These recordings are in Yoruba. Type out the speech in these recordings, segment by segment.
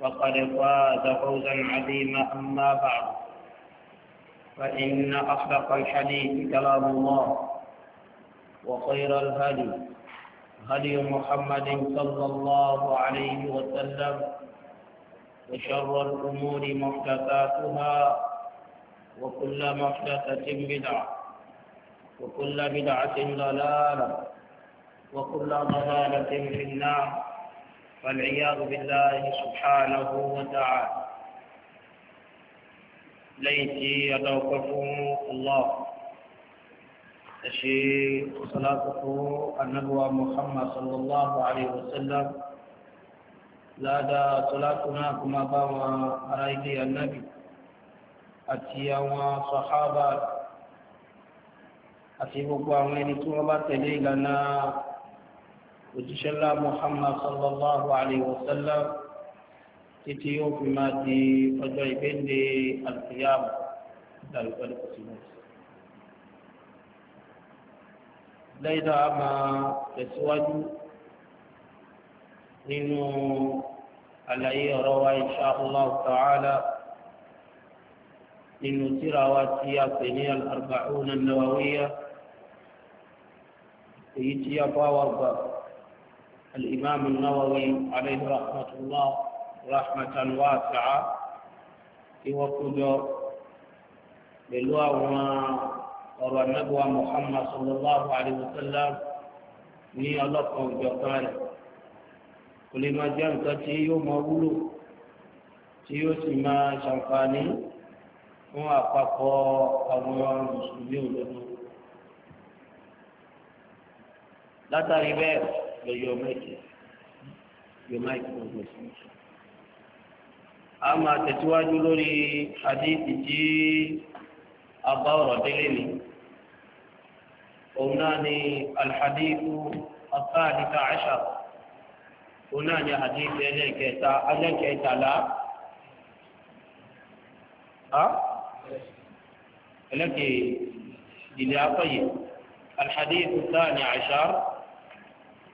فقد فاز فوزا عظيما أما بعد فإن أصدق الحديث كلام الله وخير الهدي هدي محمد صلى الله عليه وسلم وشر الأمور محدثاتها وكل محدثة بدعة وكل بدعة ضلالة وكل ضلالة في النار فالعياذ بالله سبحانه وتعالى ليتي يتوقف الله أشي صلاته النبوة محمد صلى الله عليه وسلم لا دا صلاتنا كما باوا رأيدي النبي أتيا وصحابة أتيبوا قوامين توبات ليلنا وتشلى محمد صلى الله عليه وسلم تتيو في ما دي فجوي بندي القيام دل فلق ليدا أما تسواج نينو على أي روى إن شاء الله تعالى نينو تراواتي أبني الأربعون النووية إيتي أبا وأبا الإمام النووي عليه رحمة الله رحمة واسعة يوكد بلوى ọ̀rọ̀ anábọ̀wá muhammad sallallahu alayhi wa sallam ní ọlọ́kan ìjọkan rẹ̀ kò lè máa jẹ́ nǹkan tí yóò máa wúlò tí yóò sì máa ṣàǹfààní fún àpapọ̀ àwọn mùsùlùmí òdodo. látàrí bẹ́ẹ̀ lọ yọ ọmọ ẹ̀jẹ̀ yọ ọmọ ẹ̀jẹ̀ gbogbo sí. a máa tẹ̀síwájú lórí àdéhìí tí a bá ọ̀rọ̀ délé ni òun náà ni alhadithu asáàdìta àṣà òun náà ni àdéhìí ẹlẹ́kẹta alẹ́kẹtàlá ẹlẹ́kẹ ìdílé afọ́yè alhadithu sáà ni àṣà.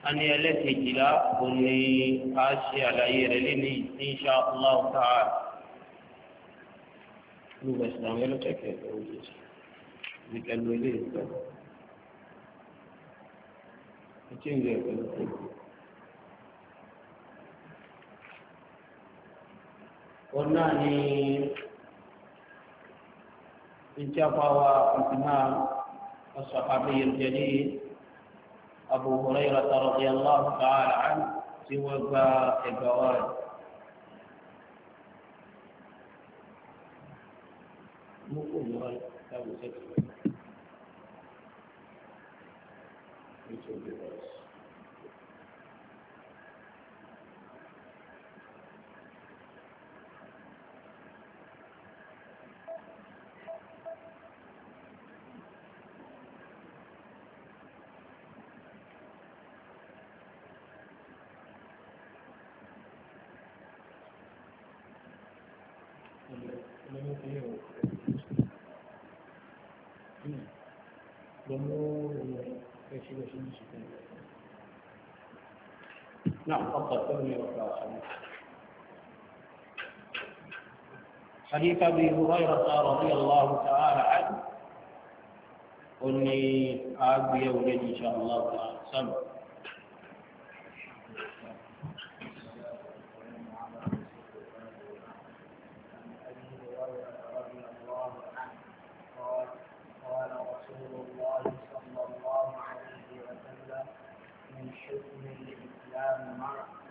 ani ẹlẹ́kejìlá kò ní a ṣe àlàyé rẹ̀ lẹ́ni insha allah ta'ala. gbogbo ẹ̀sìn àwọn ẹlọ́tẹ̀kẹ̀ ẹ̀rọ jésù ní pẹ̀lú ilé ìgbà ẹtí ń lè pẹ̀lú pẹ̀lú. òun náà ni ìjábáwa ìgbìmọ̀ ọ̀sán àbẹ̀yẹ̀ jẹ́lẹ́yìn. أبو هريرة رضي الله تعالى عنه سوى الجواد مو نعم تفضل حديث ابي هريره رضي الله تعالى عنه قل لي عبد يوم ان شاء الله تعالى سمع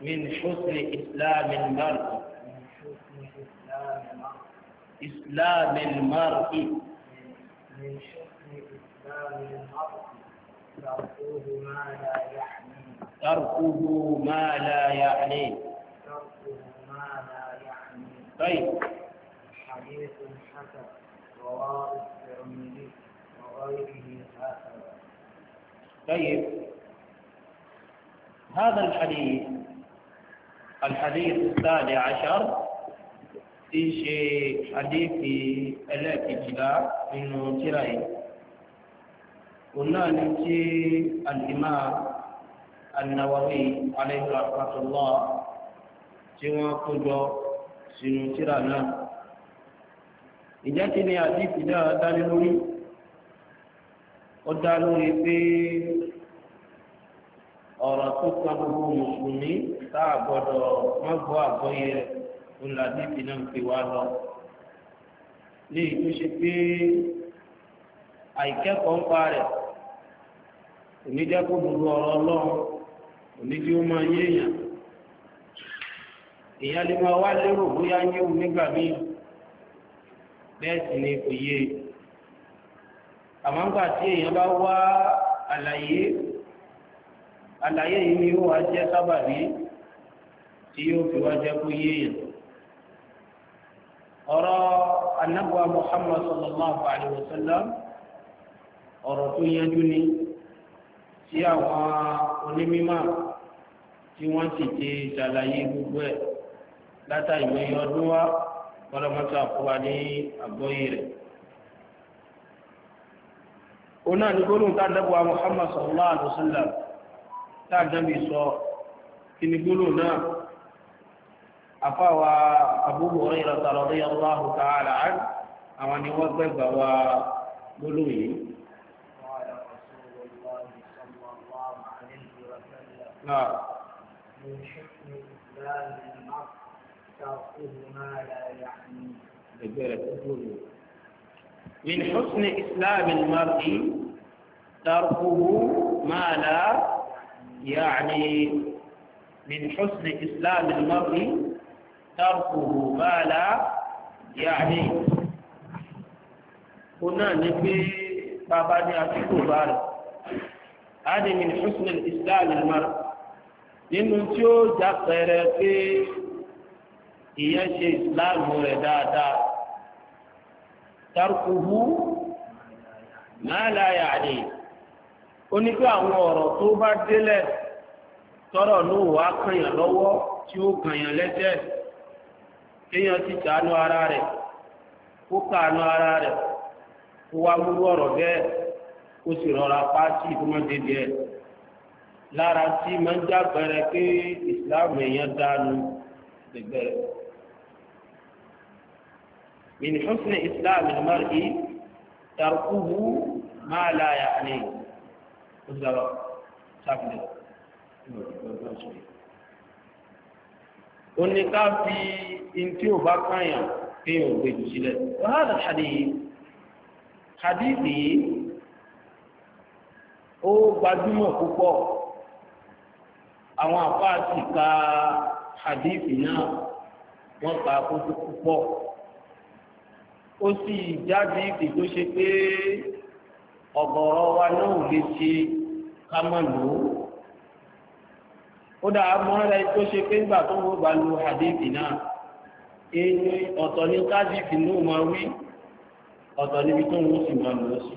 من حسن إسلام المرء إسلام المرء من حسن إسلام المرء تركه ما لا يعنيه تركه ما لا يعنيه تركه ما لا يعنيه طيب حديث حسن رواه الترمذي وغيره هكذا طيب هذا الحديث الحديث الثاني عشر إيش حديث الاتجاه من تراي قلنا نمشي الإمام النووي عليه رحمة الله سوى كجو sínú ترانا náà ìjákí ni àdíkì náà dálé lórí ó dá lórí pé ọ̀rọ̀ tó kan gbogbo mùsùlùmí tá a gbọ́dọ̀ má gbọ́ àgbọ́yé olùdíje náà ń pè wá lọ. ní ìlú ṣe pé àìkẹ́kọ̀ọ́ ń pa rẹ̀ òní jẹ́ gbogbo ọ̀rọ̀ ọlọ́run òní ó máa yé èèyàn. èèyàn lérò bóyá ń yéwu nígbà míì bẹ́ẹ̀ sì ni kò yé e. àmọ́ ńgbà tí èèyàn bá wá àlàyé àlàyé yìí ni ó wá jẹ́ sábàbí tí yóò fi wá jẹ́ kó yéèyàn. ọ̀rọ̀ anábọ̀ muhammad sallallahu alayhi wa sallam ọ̀rọ̀ tó yanjú ni tí àwọn onímọ̀ tí wọ́n sì ti ṣàlàyé gbogbo ẹ̀ látàgbé ọdún wa kọ́lọ́mọ́tà kó wa ní àgbọ́yé rẹ̀. ona ni gbólóhùn tá dábòwà muhammad sallallahu alaihi wasallam tá dábì sọ kí ni gbólóhùn náà afáwa أبو هريرة رضي الله تعالى عنه ni wọ́n gbẹ̀gbà wa نعم من حسن إسلام المرء تركه ما لا يعنيه من حسن إسلام المرء تركه ما لا يعني من حسن إسلام المرء tárùkùhù máa là yàní ó náà ní pé bàbá ní àtúkò bá rẹ̀ ádì min husn al-islam al-mar'i nínú tí ó já pẹrẹ pé ìyẹn ṣe ìsìláàmù rẹ̀ dáadáa tárùkùhù máa là yàní ó ní pé àwọn ọ̀rọ̀ tó bá délẹ̀ tọrọ ló wàá kànyàn lọ́wọ́ tí kéèyàn ti sàánú ara rẹ̀ kó kàánú ara rẹ̀ kó wá gbogbo ọ̀rọ̀ bẹ́ẹ̀ kó sì rọra pàṣẹ ìfúnmọ́dé díẹ̀ lára tí máa ń jágbẹrẹ pé ìsìláàmù èèyàn dánu gbẹgbẹrẹ. من حسن إسلام المرء تركه ما لا يعنيه ó ní ká fi ntí ò bá káyàn kéèyàn ò gbé jù sílẹ̀ wàhálà hadith hadith yìí ó gbajúmọ̀ púpọ̀ àwọn àfáàsì ka hadith náà wọ́n ka kókó púpọ̀ ó sì jáde ìpè tó ṣe pé ọ̀gọ̀rọ̀ wa náà lè ṣe ká má lò ó ó dáa mọ́ rẹ̀ tó ṣe pé nígbà tó wọ́n bá lu hadithi náà èyí ọ̀tọ̀ ní kájífì ló máa wí ọ̀tọ̀ níbi tó wọ́n sì máa lọ sí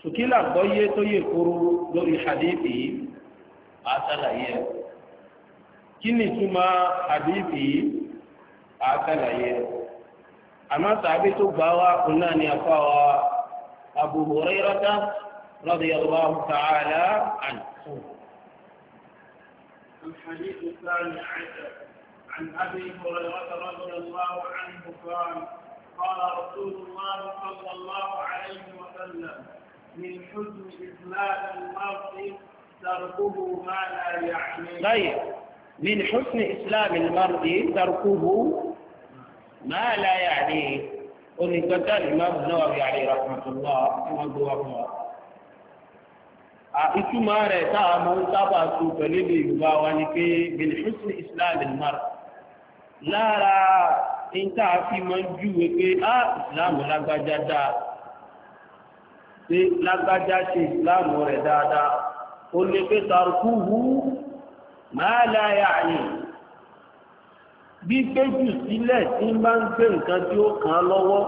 ṣùkílà gbọ́yé tó yẹ kóró lórí hadithi yìí a ṣàlàyé ẹ̀ kí ni túmọ̀ hadithi yìí a ṣàlàyé ẹ̀ àmọ́ sàbí tó gbà wá òun náà ni àfa wa Abu Hurairah radiyallahu ta'ala anhu. الحديث الثاني عشر عن ابي هريره رضي الله عنه قال قال رسول الله صلى الله عليه وسلم من حسن اسلام المرء تركه ما لا يعنيه طيب من حسن اسلام المرء تركه ما لا يعنيه ونقدر الامام النووي يعني رحمه الله ومن هو ìtumọ̀ rẹ̀ táà mọ́ ń sábà tó pẹ̀lú ilé Yorùbá wa ni pé bilhusn islam ilmar lára ní táà fi mọ́ ń júwe pé á ah, islam lágbájá dáa pé lágbájá ṣe islam rẹ̀ dáadáa ó lè pé tarkuhu máa láyà yìí bí gbéjù sílẹ̀ tí bá ń gbé nǹkan tí ó kàn lọ́wọ́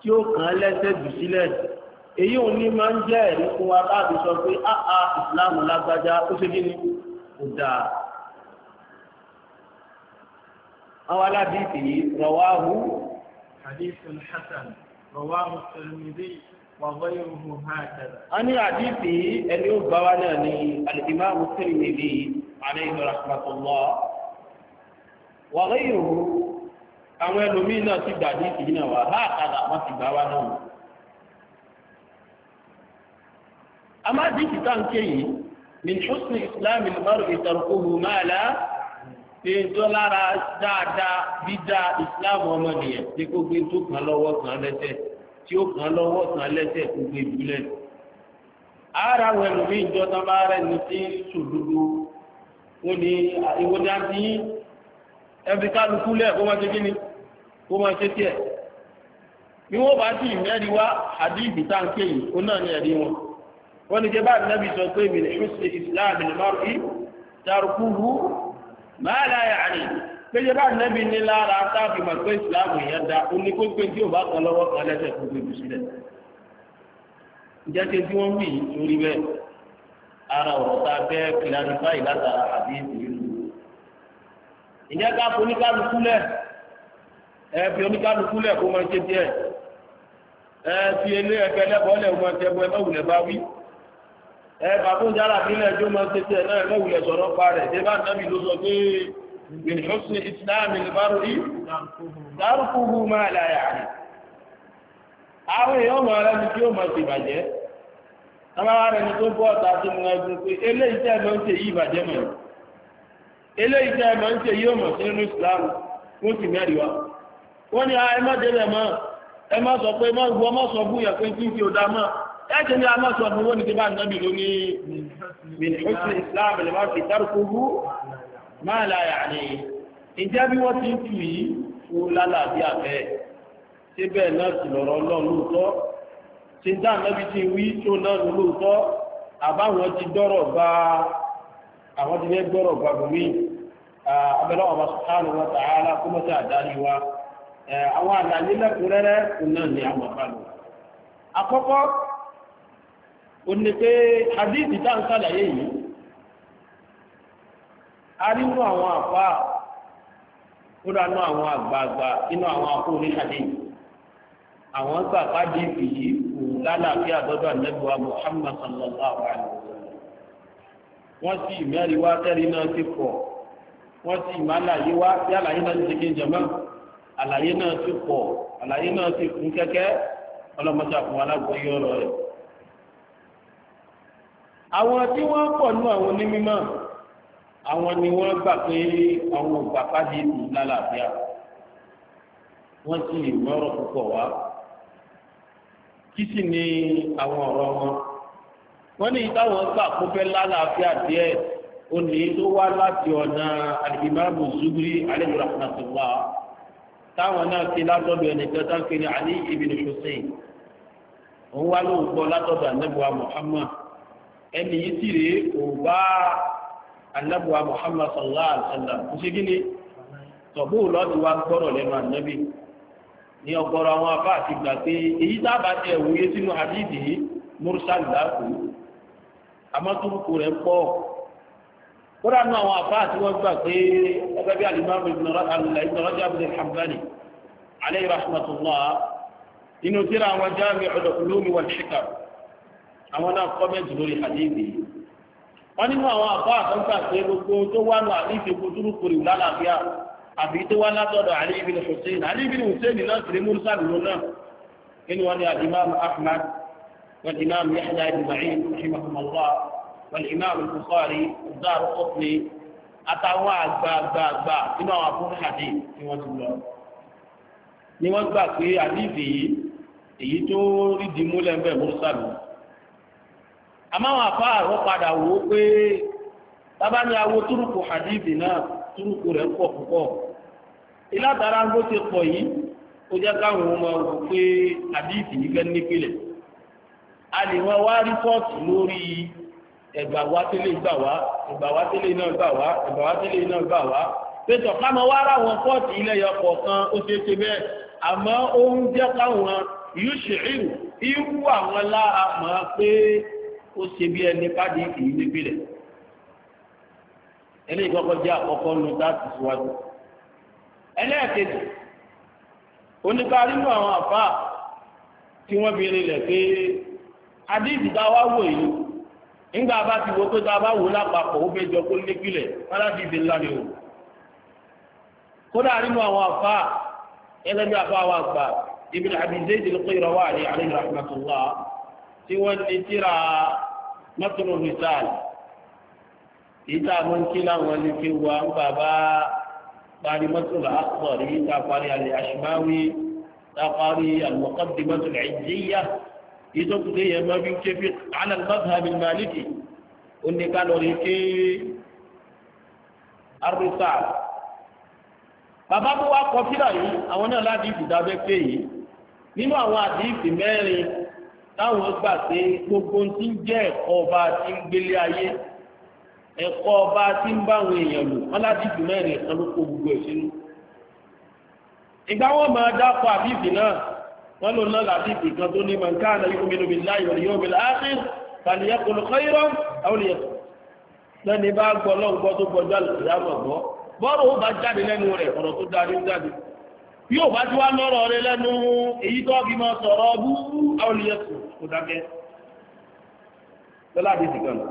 tí ó kàn lẹ́sẹ̀ jù sílẹ̀ èyí ò ní máa ń jẹ́ ẹ̀rí fún wa láti sọ pé áá ah, ìsìláàmù ah, lágbájá ó ṣe kí ni kò dáa. àwọn aládìsí yìí rọwáhu. hadithun hasan rọwáhu tirmidhi wa ghayruhu hakaza. a ní àdìsí ẹni ó gbá wa náà ní al àwọn ẹlòmíín náà ti gbà àdìsí yìí náà wá hakaza ti gbá wa náà. amma diki tan ke yi min husni islam al mar'i tarkuhu ma la e do lára dáadáa bida islam ọmọ nìyẹn tí kò gbé tó kàn lọ́wọ́ kàn lẹ́sẹ̀ tí ó kàn lọ́wọ́ kàn lẹ́sẹ̀ kò gbé jùlẹ̀ ara wẹ̀rù mi ìjọ tán bá rẹ̀ ní sí sòdodo ó ní ìwọ́dá sí ẹbí kálukú lẹ̀ kó máa ṣe kí ni kó máa ṣe tiẹ̀ bí wọ́n bá sì mẹ́rin wá àdí ìbítà ń yìí ó náà ní ẹ̀rí wọn wọ́n ní jẹ́bá ànábì sọ pé min husni islam al-mar'i tarkuhu ma la ya'ni pé jẹ́bá ànábì ní lára táàbì mà pé islam yẹn da ó ní kó pé tí ò bá kan lọ́wọ́ kan lẹ́sẹ̀ kó gbé bùsílẹ̀ ìjẹ́sẹ̀ tí wọ́n wí lórí bẹ́ẹ̀ ara ọ̀rọ̀ tá a fẹ́ kìlánifáì látara àbí ìlú ìjẹ́ ká foníkálukú lẹ̀ ẹ̀fì oníkálukú lẹ̀ kó máa ṣe díẹ̀ ẹ̀fì ilé ẹ̀fẹ́ lẹ́bọ̀ọ́lẹ̀ kó ẹ bàbá jara bílẹ̀ ẹjọ́ máa tètè ẹ̀ náà lọ́wùlẹ̀ sọ̀rọ̀ pa rẹ̀ dé bá nàbì ló sọ pé bin husn islam ìlbárò yìí dárúkúhu máa láyà rẹ̀. àwọn èèyàn máa rẹ̀ ni tí ó máa ti bàjẹ́ amára rẹ̀ ni tó bọ́ ọ̀tá sí mu ẹgbẹ́ pé eléyìí tẹ́ ẹ máa ń ṣe yìí ah, sọ pé má gbọ́ má sọ búyà pé kí n dá mọ́ ẹ̀ṣẹ̀ ní aláṣọ ọ̀fún wọ́n ni ti bá nàbì islam lè máa fi dárúkúrú máa láyà ní ìjẹ́ bí wọ́n ti ń tù yìí fún lálàáfíà bẹ́ẹ̀ bẹ́ẹ̀ náà sì lọ́rọ̀ ọlọ́run lóòótọ́ ṣe dá nàbì ti wí tó náà lóòótọ́ ti ó ní pé hadithi tá ń sàlàyé yìí a rí inú àwọn àfa ó rà inú àwọn àgbààgbà inú àwọn àpò ní hadithi àwọn gbàgbà dìbì yìí kò lálàáfíà lọ́dọ̀ àlẹ́bùwà Muhammad sallallahu alaihi wa sallam wọ́n sì mẹ́rin wá tẹ́rin náà ti pọ̀ wọ́n ti ìmọ̀ àlàyé wá bí àlàyé náà ti ṣe mọ́ àlàyé náà ti pọ̀ àlàyé náà ti kún kẹ́kẹ́ ọlọ́mọdé àfọwọ́ alágbóyè ọ̀rọ̀ rẹ̀ àwọn tí wọ́n pọ̀ nú àwọn onímọ̀ àwọn ni wọ́n gbà pé àwọn ògbà pàdé ìlú lálàáfíà wọ́n sì mọ́rọ̀ púpọ̀ wá kí sì ni àwọn ọ̀rọ̀ wọn wọ́n ní ìtàwọn gbà kó fẹ́ lálàáfíà díẹ̀ ó ní tó wá láti ọ̀nà alìbìmáàmù zubiri alayhi táwọn náà ti látọ̀dọ̀ ẹnìkan tá kiri Ali ibn Hussein òun wá lóun gbọ́ anábùwà Muhammad ẹni yìí tí rèé kò bá anábùwà muhammad sallallahu alaihi wa sallam kò ṣe gíní tọ̀bú lọ́dí wa gbọ́rọ̀ lẹ́nu ànábì ní ọgbọ́rọ̀ àwọn afá àti gbà pé èyí dábàá tẹ ìwòye sínú àdídì mursal dákú amátúrúkú rẹ̀ pọ̀ kódà nù àwọn afá àti wọ́n gbà pé ẹgbẹ́ bí alimami ibn Rajab al-Hanbali alayhi rahmatullah inú tíra àwọn Jami'ul Ulum wal Hikam àwọn náà kọ́mẹ́ntì lórí àdéhìí wọ́n nínú àwọn àbọ̀ àtọ́gbà pé gbogbo tó wà lọ àdéhìí kúndúrú kúrì lálàáfíà àbí tó wá látọ̀dọ̀ Ali ibn Hussein Ali ibn Hussein náà sì rí mùsàlù lọ náà nínú wọn ni al-Imam Ahmad wal-Imam Yahya ibn Ma'in rahimahumullah wal-Imam al-Bukhari ad-Daraqutni àtàwọn àgbààgbààgbà nínú àwọn afúnhàdé ni wọ́n ti lọ ni wọ́n gbà pé àdéhìí èyí tó rí di múlẹ̀ ń bẹ̀ àmáwọn àfáàrọ padà wò ó pé bàbá ní awo túrùkù hadithi náà túrùkù rẹ̀ pọ̀ púpọ̀ ìlàtara ń bó ti pọ̀ yìí ó jẹ́ káwọn ọmọ wò pé hadithi yìí fẹ́ nípìnlẹ̀ a lè wọn wá rìpọ́ọ̀tì lórí ẹgbà wá tẹ́lẹ̀ gbà wá ẹgbà wá tẹ́lẹ̀ náà gbà wá ẹgbà wá tẹ́lẹ̀ náà gbà wá pẹ̀tọ̀ káma wá ráwọn pọ́ọ̀tì ilẹ̀ yọ kọ̀ọ̀kan ó ṣe é ṣe bẹ́ẹ̀ àmọ́ ó ń jẹ́ káwọn yóò ṣèlú irú àwọn lára mọ̀ pé ó ṣe bí ẹni káàdì ìkìyí níbí rẹ̀ eléyìí kọ́kọ́ jẹ́ àkọ́kọ́ nu láti síwájú ẹlẹ́ẹ̀kejì oníkarí mú àwọn àfa tí wọ́n fi rinlẹ̀ pé adéjì tá a wá wò yìí nígbà bá ti wo pé tá a bá wò lápapọ̀ ó fẹ́ jọ kó lépilẹ̀ fálábì ìdè ńlá ni o kódà nínú àwọn àfa ẹlẹ́bí àfa wa gbà Ibn Abi Zayd al-Qayrawani alayhi rahmatullah tí wọ́n ti tíra mọ́tòrò rìsáàl ìta mọ́ńkí láwọn ẹni tí wà ń bàbá parí mọ́tòrò àkọ́rí ìta parí alẹ́ àṣùmáwí ìta parí àlùmọ́kọ́dé mọ́tòrò ìjìyà ìtòkùté yẹn mọ́ bí ké fi alẹ́ mọ́tòrò màlìkì ó ní ká lọ́ọ́ rí ké arúsáàl bàbá tó wá kọfíra yìí àwọn náà láti ìdìdábẹ́ pé yìí nínú àwọn àdìsí mẹ́rin táwọn gbà pé gbogbo ti ń jẹ́ ẹ̀kọ́ ọba tí ń gbélé ayé ẹ̀kọ́ ọba tí ń bá àwọn èèyàn lò wọn láti jù mẹ́rin ẹ̀kan ló kó gbogbo ẹ̀ sínú. ìgbà wọn máa dákọ àbíbì náà wọn lò náà làbíbì kan tó ní mọ̀nká àná yóò mélòó bíi láyọ̀ ní yóò mélòó áṣí fàníyàn kò lọ kọ́yọ́rọ́ àwọn èèyàn lẹ́ni bá gbọ́ wá lọ́rọ̀ rẹ̀ lẹ́nu èyí tó bí mọ́ sọ̀rọ̀ búrú àwọn èèyàn kó dákẹ́ lọ́la àdìsí kan lọ.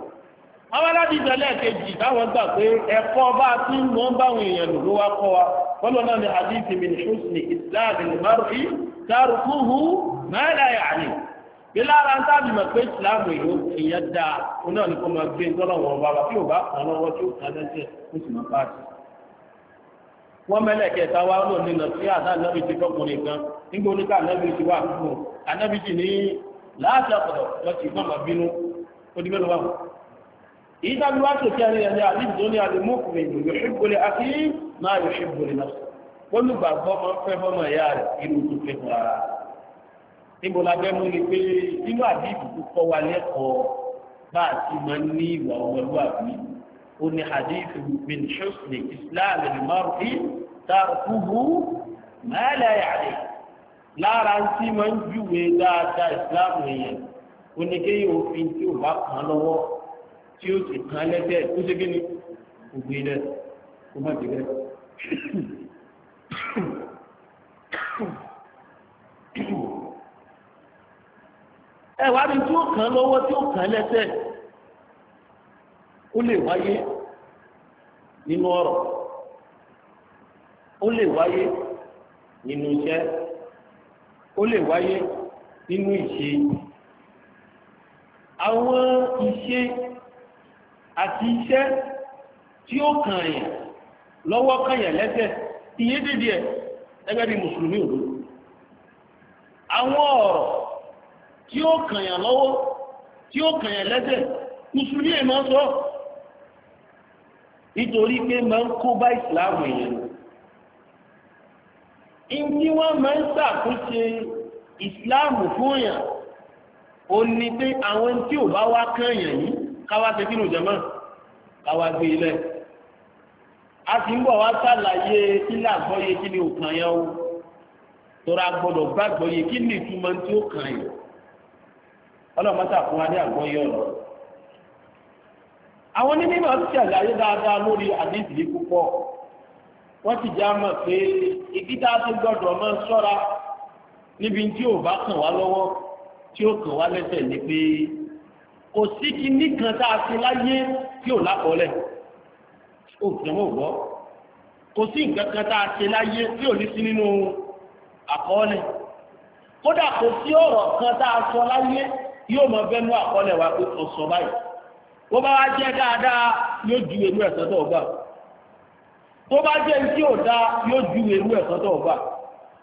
àwọn aládìsí ẹlẹ́ẹ̀kejì táwọn gbà pé ẹ̀kọ́ bá a ti ń mọ̀ ń báwọn èèyàn lò ló wá kọ́ wa kọ́lọ́ náà ni àdìsí mi ní ṣùsùnì ìsìláàdì márùkì dárúkúhù mẹ́lá yàní. bí lára ń tábì mọ̀ pé ìsìláàmù yìí ó ti yẹ dáa ó náà ní kó máa gbé ńtọ́lọ́wọ̀n bàbá tí ò bá kàn lọ́wọ́ tí ó kàn lẹ́sẹ̀ ó sì máa bá wọ́n mẹ́lẹ̀kẹta wa ló ní sí àdá láti ọ̀pọ̀lọ̀ lọ sí ìgbọ́n àbínú onímọ̀lọ́wà ìdájú wá tó kí a ní ẹ̀yà àdíjì tó ní alìmọ́kùnrin yóò ṣígbólé àti máa yóò ṣígbólé náà olùgbàgbọ́ máa ń fẹ́ fọ́mọ ẹ̀yà rẹ̀ inú tó fẹ́ fún ara níbo la fẹ́ mú ni pé inú àdíjì tó kọ́ wa ma la ya'ni lára tí máa ń júwe dáadáa ìsìláàmù èèyàn oníkéyìí òfin tí ò bá kàn lọ́wọ́ tí ó sì kàn lẹ́sẹ̀ ó ṣe kíni ògbé rẹ̀ kó má ti rẹ̀. ẹ̀wá ni tí ó kàn lọ́wọ́ tí ó kàn lẹ́sẹ̀ ó lè wáyé nínú ọ̀rọ̀ ó lè wáyé nínú iṣẹ́ ó lè wáyé nínú ìṣe àwọn ìṣe àti iṣẹ́ tí ó kàn yẹn lọ́wọ́ kàn yẹn lẹ́sẹ̀ ìyẹn dédé ẹ̀ ẹgbẹ́ bíi mùsùlùmí òdodo àwọn ọ̀rọ̀ tí ó kàn yẹn lọ́wọ́ tí ó kàn yẹn lẹ́sẹ̀ mùsùlùmí ẹ̀ máa ń sọ nítorí pé máa ń kó bá ìsìláàmù yẹn lọ ìdí wọ́n máa ń ṣàkóso ìsìláàmù fún yàn ó ní pé àwọn tí ò bá wá kànyàn yìí káwá ṣe kínú jẹ́mọ́ káwá gbé ilẹ̀ a sì ń bọ̀ wá ṣàlàyé ilé àgbọ́yé kí ni òkàn yẹn o tọ́ra gbọ́dọ̀ gbàgbọ́yé kí ni ìtumọ̀ tí ó kàn yìí ọlọ́mọ sàfún wa ní àgbọ́yé ọ̀rọ̀ àwọn onímọ̀ ti ṣàlàyé dáadáa lórí àdéhìí púpọ̀ wọ́n ti já mọ̀ pé ibi tá a ti gbọ́dọ̀ máa ṣọ́ra níbi tí ò bá kàn wá lọ́wọ́ tí ó kàn wá lẹ́sẹ̀ ni pé kò sí kinní kan tá a ti láyé tí ò lákọọ́lẹ̀ ó tẹ̀ mọ́ gbọ́ kò sí nǹkan kan tá a ti láyé tí ò ní sí nínú àkọọ́lẹ̀ kódà kò sí ọ̀rọ̀ kan tá a sọ láyé yóò mọ bẹ́nu àkọọ́lẹ̀ wa pé ọ̀sọ̀ báyìí wọ́n bá wá jẹ́ dáadáa yóò ju èlú ẹ̀sọ́ tó gbà tó bá jẹ́ tí ò dáa yóò ju ewu ẹ̀ sọ́tọ̀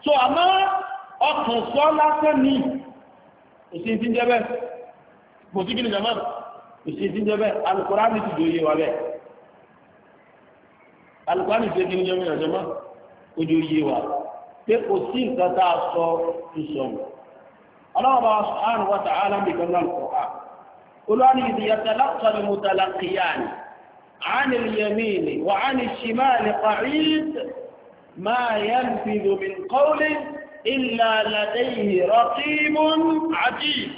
so àmọ́ ọkàn sọ lásán ní òsì ti ń jẹ́ kò sí ń ti dòye wa bẹ́ẹ̀ Al-Kùránì ti wa pé kò sí nǹkan tá a sọ ìsọ̀rọ̀ ta'ala nìkan náà kọ̀ á olórí ìdíyàtà látọ̀ ni mo ta lákìyà ni. عن اليمين وعن الشمال قعيد ما ينفذ من قول إلا لديه رقيب عتيد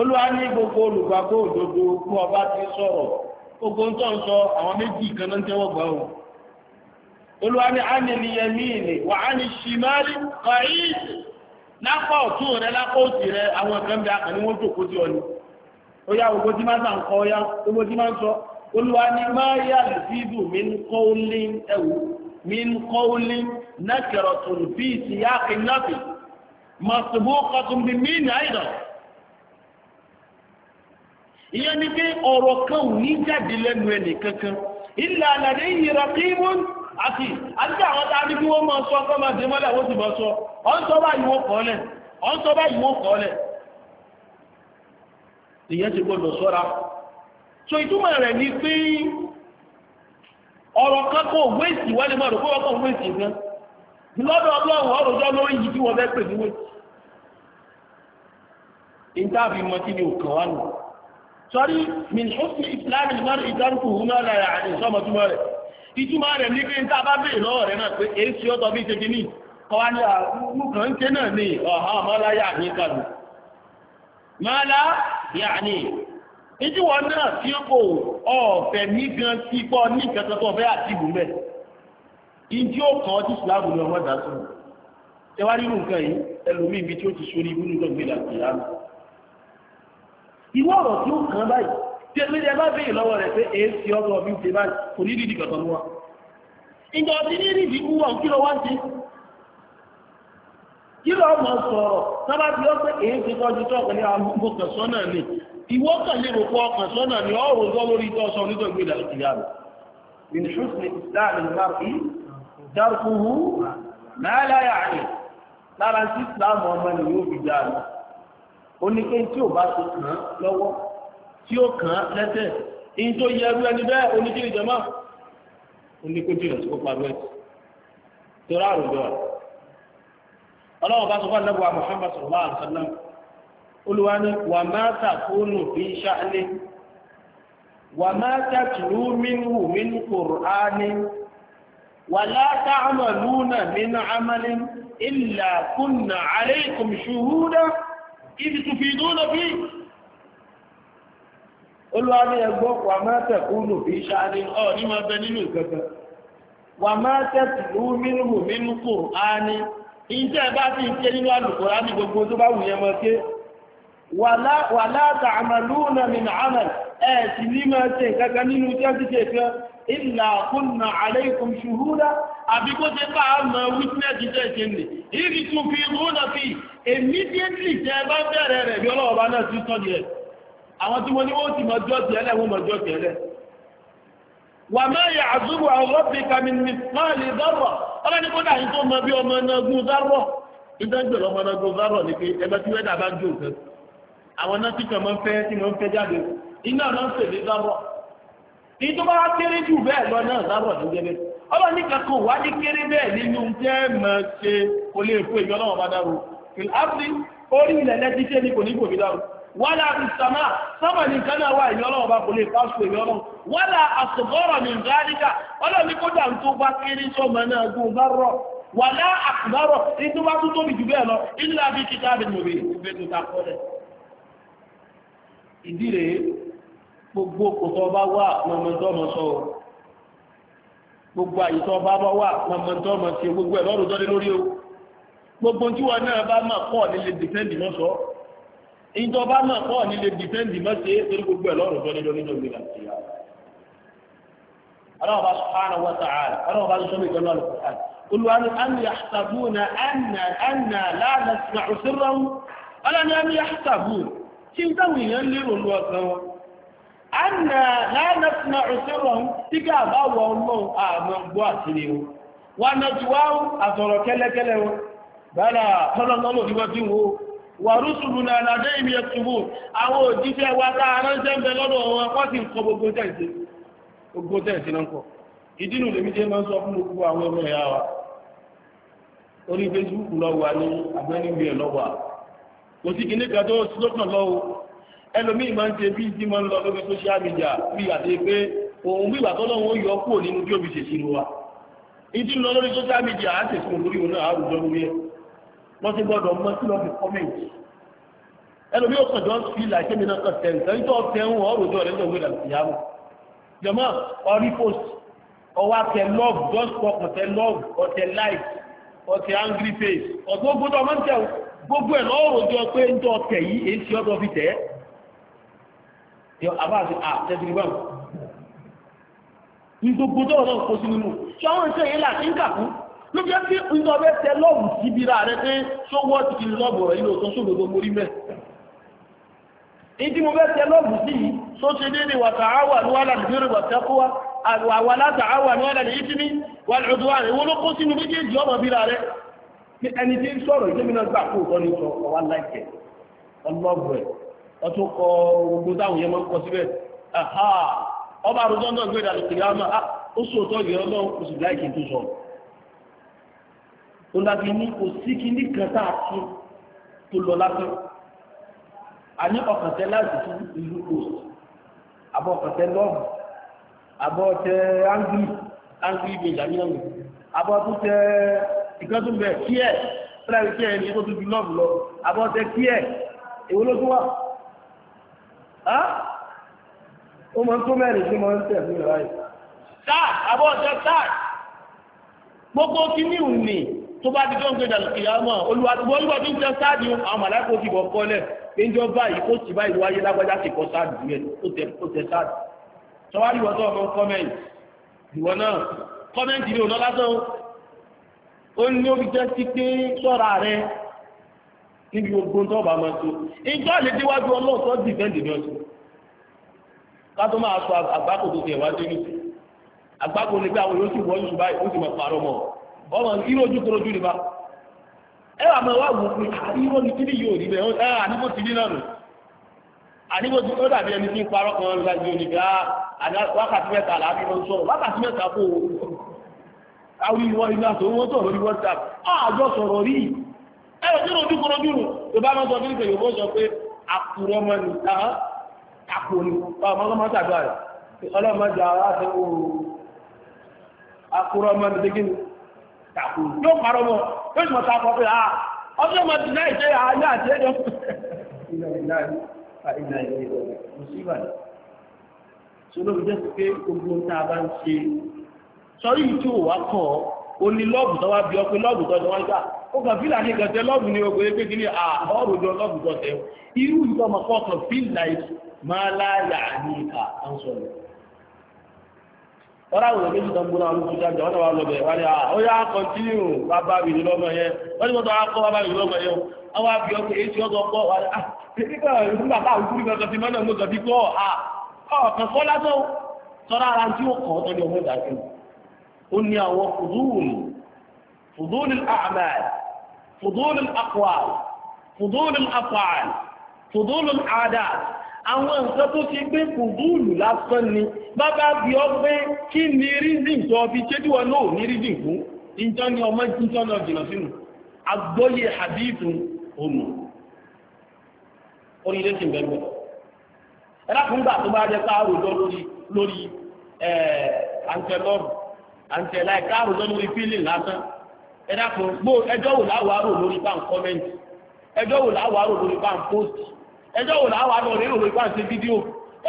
olúwa ní gbogbo olùgbàgbọ́ òdodo kó ọba ti sọ̀rọ̀ gbogbo tó ń sọ àwọn méjì kan náà tẹ́wọ́ gbà ọ́ olúwa ní ánìlìyẹmíìnì wà á ní ṣìmárì kọ̀ọ̀yì lápá ọ̀tún rẹ lápá òsì rẹ àwọn kan bí akànníwó jòkó tí ọ ni ọya gbogbo tí máa ń kọ ọya gbogbo tí máa ń sọ olúwa ni máa yà lè fi ibù mi ń kọ́ ó lé ẹ̀wù mi ń kọ́ ó lé nẹ́kẹ̀rọ̀ tó lù bí ni pé ọ̀rọ̀ kan ò ní jáde lẹ́nu kankan ilẹ̀ àlàdé ìyẹra kí wọ́n àti àti àwọn tá a ní kí wọ́n máa sọ kọ́ máa dé ti bọ́ sọ ọ̀ ń sọ báyìí wọ́n kọ́ lẹ̀ ọ̀ ń sọ báyìí wọ́n kọ́ lẹ̀ èyàn ti gbọdọ̀ sọ́ra so ìtumọ̀ rẹ̀ ni pé ọ̀rọ̀ kan kó wéèsì wá lè má rò pé wọ́n kàn wéèsì gan lọ́dọ̀ ọlọ́run ọ̀rọ̀jọ́ ló ń yí kí wọ́n fẹ́ pè ní wéèsì ìtàbí mọ́ kí ni òkàn wá nù sọ́rí min husni islam ìmọ̀rì ìdárúkú húnmọ́ lára àti ìsọ́mọ̀túmọ̀ rẹ̀ ìtumọ̀ rẹ̀ ní pé níta bá bèèrè lọ́wọ́ rẹ̀ náà pé èé sí ọ́tọ̀ bí ṣe kìíní kọwa ní àwọn kan ń ké náà ní ọ̀hán mọ́láyà ní kàlù mọ́lá yàní ìjíwọ̀ náà tí ó kò ọ̀fẹ́ nígan tí pọ̀ ní ìkẹtọ́tọ́ fẹ́ àti ìbùmẹ̀ ìjí ó kàn ọdún ìsìláàmù ni ọmọ ìdásù ẹwà nínú nǹkan yìí ẹlòmí ibi tí ó ti sórí ìbúnú gbọ̀ngbé làbí yá ìwọ ọ̀rọ̀ tí ó kàn báyìí tí ẹgbẹ́ ni ẹ bá béèrè lọ́wọ́ rẹ̀ pé èé sí ọgbọ̀n bí ó ti báyìí kò ní dídì kọ̀tọ̀ lọ́wọ́ ìjọ ti ní rí ìdíkú wọn kí lọ kílọ̀ ọmọ sọ̀rọ̀ sábà tí ó pé èyí ti kọjú tó ọ̀pẹ̀ ní àmúgbò kẹsọ́nà ni ìwọ kàlẹ́ òkú ọkàn sọ́nà ni ó rò lórí tó sọ nítorí gbé ìdàlù kìlá rẹ̀. min husni islam al-mar'i darkuhu ma la ya'ni lára sí islam ọmọ ni yóò fi dáa rẹ̀. ó ní pé tí ọlọ́wọ́ bá sọ fún anábọ̀ Muhammad sallallahu alaihi wasallam olúwa ni wà máa tàkónù fi ṣáálé wà máa tàkìlú mínú mínú kòránì wà látàmà lúnà mínú amálí ìlà kúnnà alaykum shuhuda ibi tó fi dúnà fi olúwa ni ẹgbọ́ wà máa tàkónù fi ṣáálé ọ̀ ní máa bẹ nínú ìgbẹ̀gbẹ̀ wà máa tàkìlú mínú mínú kòránì iṣẹ́ bá ti ṣe nínú alùkọ̀rá ní gbogbo tó bá wùyẹ mọ́ ké wà látà àmàlúùnà min amal ẹ̀ ní ṣe nínú ti ṣe ìlà kúnnà bá a mọ witness iṣẹ́ ṣe nì ìrì tún fi rúnà fi immediately ṣe bá bẹ̀rẹ̀ rẹ̀ bí ọlọ́wọ́ bá náà tún sọ́dí ẹ̀ àwọn tí wọ́n ní wọ́n ọlọ́ni kó dàrí tó mọ bí ọmọ ẹnagun zárọ̀ ìdájọ́ ọmọ ẹnagun zárọ̀ ni pé ẹgbẹ́ tí wẹ́dà bá jó nǹkan àwọn náà tí kan máa ń fẹ́ tí wọ́n ń fẹ́ jáde iná náà ń pè ní zárọ̀ ní tó bá kéré jù bẹ́ẹ̀ lọ náà zárọ̀ ní jẹ́bẹ́ ọlọ́ni kankan wá ní kéré bẹ́ẹ̀ nínú tẹ́ máa ṣe kò lè fún ìjọ náà bá dárò wala ìsàmà sábà ní kánà wà ìyọ́lọ́wọ́ bá kò lè pásù ìyọ́lọ́wọ́ wala àsùgbọ́rọ̀ ní ìdáríkà ọlọ́ni kó dà ń tó bá kéré sọmọ náà gún bá rọ̀ wala àkùbárọ̀ ní tó bá tó tóbi jù bẹ́ẹ̀ lọ ilá bí kíkà bí mòwe ìgbé tó ta kọ́ rẹ̀ ìdí rèé gbogbo kòtò ọba wà ìjọba náà kọ́ nílé dìfẹ́ǹdì mọ́sẹ̀ torí gbogbo ẹ̀ lọ́rùn jọ́lé lórí ìjọba ìlànà ìyá ọlọ́ọ̀bá sọ́hánà wọ́n sàárà ọlọ́ọ̀bá sọ́hánà ìjọba alùpùpù olùwà ni àmì àṣàbùnà àná láàrín àṣìṣàrùsíràn ọlọ́ni àmì àṣàbùn tí ń táwọn èèyàn lérò lọ ọ̀sán wọn àná láàrín àṣìṣàrùsíràn tí ká bá wọ ọlọ́run àmọ́ gbọ́ àtìlẹ́ wọn wọn náà ti wá àtọ̀rọ̀ kẹ́lẹ́kẹ́lẹ́ wọn bẹ́ẹ̀ wàrúsùlùnà àlàdé ìmì ẹ̀tùbù àwọn òjíṣẹ́ wa tá a ránṣẹ́ ń bẹ lọ́dọ̀ wọn wọ́n sì ń kọ gbogbo tẹ̀sí gbogbo tẹ̀sí náà kọ ìdínú lèmi jẹ́ máa ń sọ fún gbogbo àwọn ọmọ ẹ̀yà wa orí Facebook lọ́wọ́ ní abẹ́nigbé lọ́wọ́ kò sí kìíní kan tó lọ wa lọ lórí ha wọ́n ti gbọ́dọ̀ mọ́ sí lọ́bì kọ́mẹ̀ntì ẹnu bí ó kàn jọ fi láìsí mi náà kàn tẹ̀ nǹkan tó tẹ̀ ń wọ́n rò jọ rẹ̀ lọ́wọ́ ìlànà ìyàwó jọmọ́ ọrí post ọwọ́ tẹ love just work ọ̀tẹ love ọ̀tẹ life ọ̀tẹ angry face ọ̀tẹ gbogbo ọmọ ń tẹ̀ gbogbo ẹ̀ lọ́wọ́ rò jọ pé ń jọ tẹ̀ yìí èyí tí ọdọ fi tẹ̀ ẹ́ àbáṣe àtẹ́sí nígbà ní gbogbo tó ọ̀nà kó sí nínú ṣé àwọn ìṣe yẹn là ń kà ló jẹ́ sí ìjọ ọbẹ̀ tẹ lọ́ọ̀bù sí ibi ra rẹ pé ṣó wọ́ ti kiri lọ́ọ̀bù rẹ̀ yìí lóòótọ́ ṣòro gbogbo rí mẹ́. ìdí mo fẹ́ tẹ lọ́ọ̀bù sí yìí tó ṣe déédéé wà tà áwà ní wàhálà ní bẹ́rẹ̀ wà tẹ́ kó wa àwà látà áwà ní wàhálà ní ìtìmí wà lọ́dọ̀ wa ìwọ ló kó sínú méjèèjì ọmọ bí ra rẹ. pé ẹni tí ń sọ̀rọ̀ ìdí mi náà gbà kó òtọ́ ní sọ ọ̀wá láìpẹ́ ọlọ́ọ̀bù rẹ̀ ọtún kọ gbogbo táwọn yẹn máa ń kọ síbẹ̀ ọba àrùjọ náà gbé ìdàlùkì yá ah! máa ó sòótọ́ ìgbéyàwó náà oṣù láìkì tó sọ̀rọ̀ olábi ní kò sí kíní kan tá a ti tó lọ lásán a ní ọ̀kàntẹ́ láti fún ìlú coast àbọ̀ ọ̀kàntẹ́ lọ́ọ̀mù àbọ̀ tẹ angli angli benjamin àbọ̀ tó tẹ ìkọ́túnbẹ̀ kíẹ̀ fúláwì kíẹ̀ ní kó tún ju lọ́ọ̀mù lọ àbọ̀ tẹ kíẹ̀ èwo ló tún wà á ó máa ń tó mẹ́rin tí máa ń tẹ̀ fún ìráyè táà àbọ̀ tẹ táà gbogbo kíní ò ní tó bá di jọ́ǹgbé dàlùkìyàmọ̀ olùwàdúgbò tí ń tẹ sáàdì àwọn màláìkò ti bọ̀ kọ́lẹ̀ pé ń jọ báyìí kó sì báyìí wáyé lágbájá ti kọ́ sáàdì yẹn ó tẹ sáàdì. sọ́wárí wọ́n tó ọmọ kọ́mẹ́ǹtì ìwọ náà kọ́mẹ́ǹtì ni òun lásán ó ní ó fi jẹ́ sí pé sọ́ra rẹ níbi gbogbo tó bá máa tó ìjọ lè déwájú ọlọ́ọ̀tọ́ dìfẹ́ǹdì ni ọ̀sùn ká tó máa sọ àgbákò tó ti ẹ̀wá dé nìkan àgbákò ni pé àwọn yóò sì wọ́n yóò sì báyìí sì máa parọ́ mọ́ ọ ọmọ irú ojúkorojú ni bá ẹ wà máa wá wò pé ah, irú ni kí ni yóò rí bẹ́ẹ̀ ẹ eh, àníbò ti rí náà nù àníbò ti ó dàbí ẹni tí ń parọ́ kan láti òní ah, bí wákàtí mẹ́ta làá fi lọ sọ̀rọ̀ wákàtí mẹ́ta kò àwọn ìwọ iná tó wọ́n sọ̀rọ̀ lórí WhatsApp àjọ ah, sọ̀rọ̀ rí ẹ̀rọ tí ó dúkúrojú rù tó bá máa sọ fún ìpè yòówó sọ pé àkùrọ̀ ọmọ ní táwọn àpò ní ọmọ ọmọ sàdúrà rẹ̀ ọlọ́mọdé aláṣẹ òòrùn àkùrọ̀ ọmọ ní tàkù yóò parọ́ mọ́ yóò mọ̀ tàkù pé a ah, ọdún ọmọ ti náà ṣe àyà ah, àti ẹjọ́ sọ́rí ìtú wà kọ́ o ní lọ́ọ̀bù tó wá bí ọ pé lọ́ọ̀bù tó wá gbà ó kàn fílà ní ìgbà tẹ lọ́ọ̀bù ní ogun ẹgbẹ́ kí ní àhọ́rù ah, jọ lọ́ọ̀bù tó tẹ irú ìtọ́mọ̀kọ́ kan fílà máa láyà ní ìkà ọ̀sọ̀rọ̀ ọ̀rọ̀ àwọn òbí ìtàn gbóná àwọn òṣìṣẹ́ àjọ ọ̀nà wa lọ́bẹ̀ wá ní àwọn ah, yá kọ̀ntínú bàbá mi lọ́mọ yẹn wọ́n ní mọ́tò akọ́ bàbá mi lọ́mọ kọ́ wà ní àtẹ́kíkà ah, ìlú bàbá òkúrú kankan ti mọ́nà mọ́tò tí ó kọ́ tọ́ni ní àwọn àwọn nǹkan tó ti gbé fùdúùn lásán ni bàbá bí ọ pé kí ni rízìn tó ọbí ṣédíwọ náà ní rízìn fún ìjọ ni ọmọ ìjọ náà jìnà sínú agbóyè hadithu ònà orílẹ̀ èdè bẹ̀rẹ̀ ẹlákùngbà tó bá jẹ́ káàrùjọ lórí lórí àǹtẹ̀lọ́rù àǹtẹ̀lá káàrùjọ lórí fílì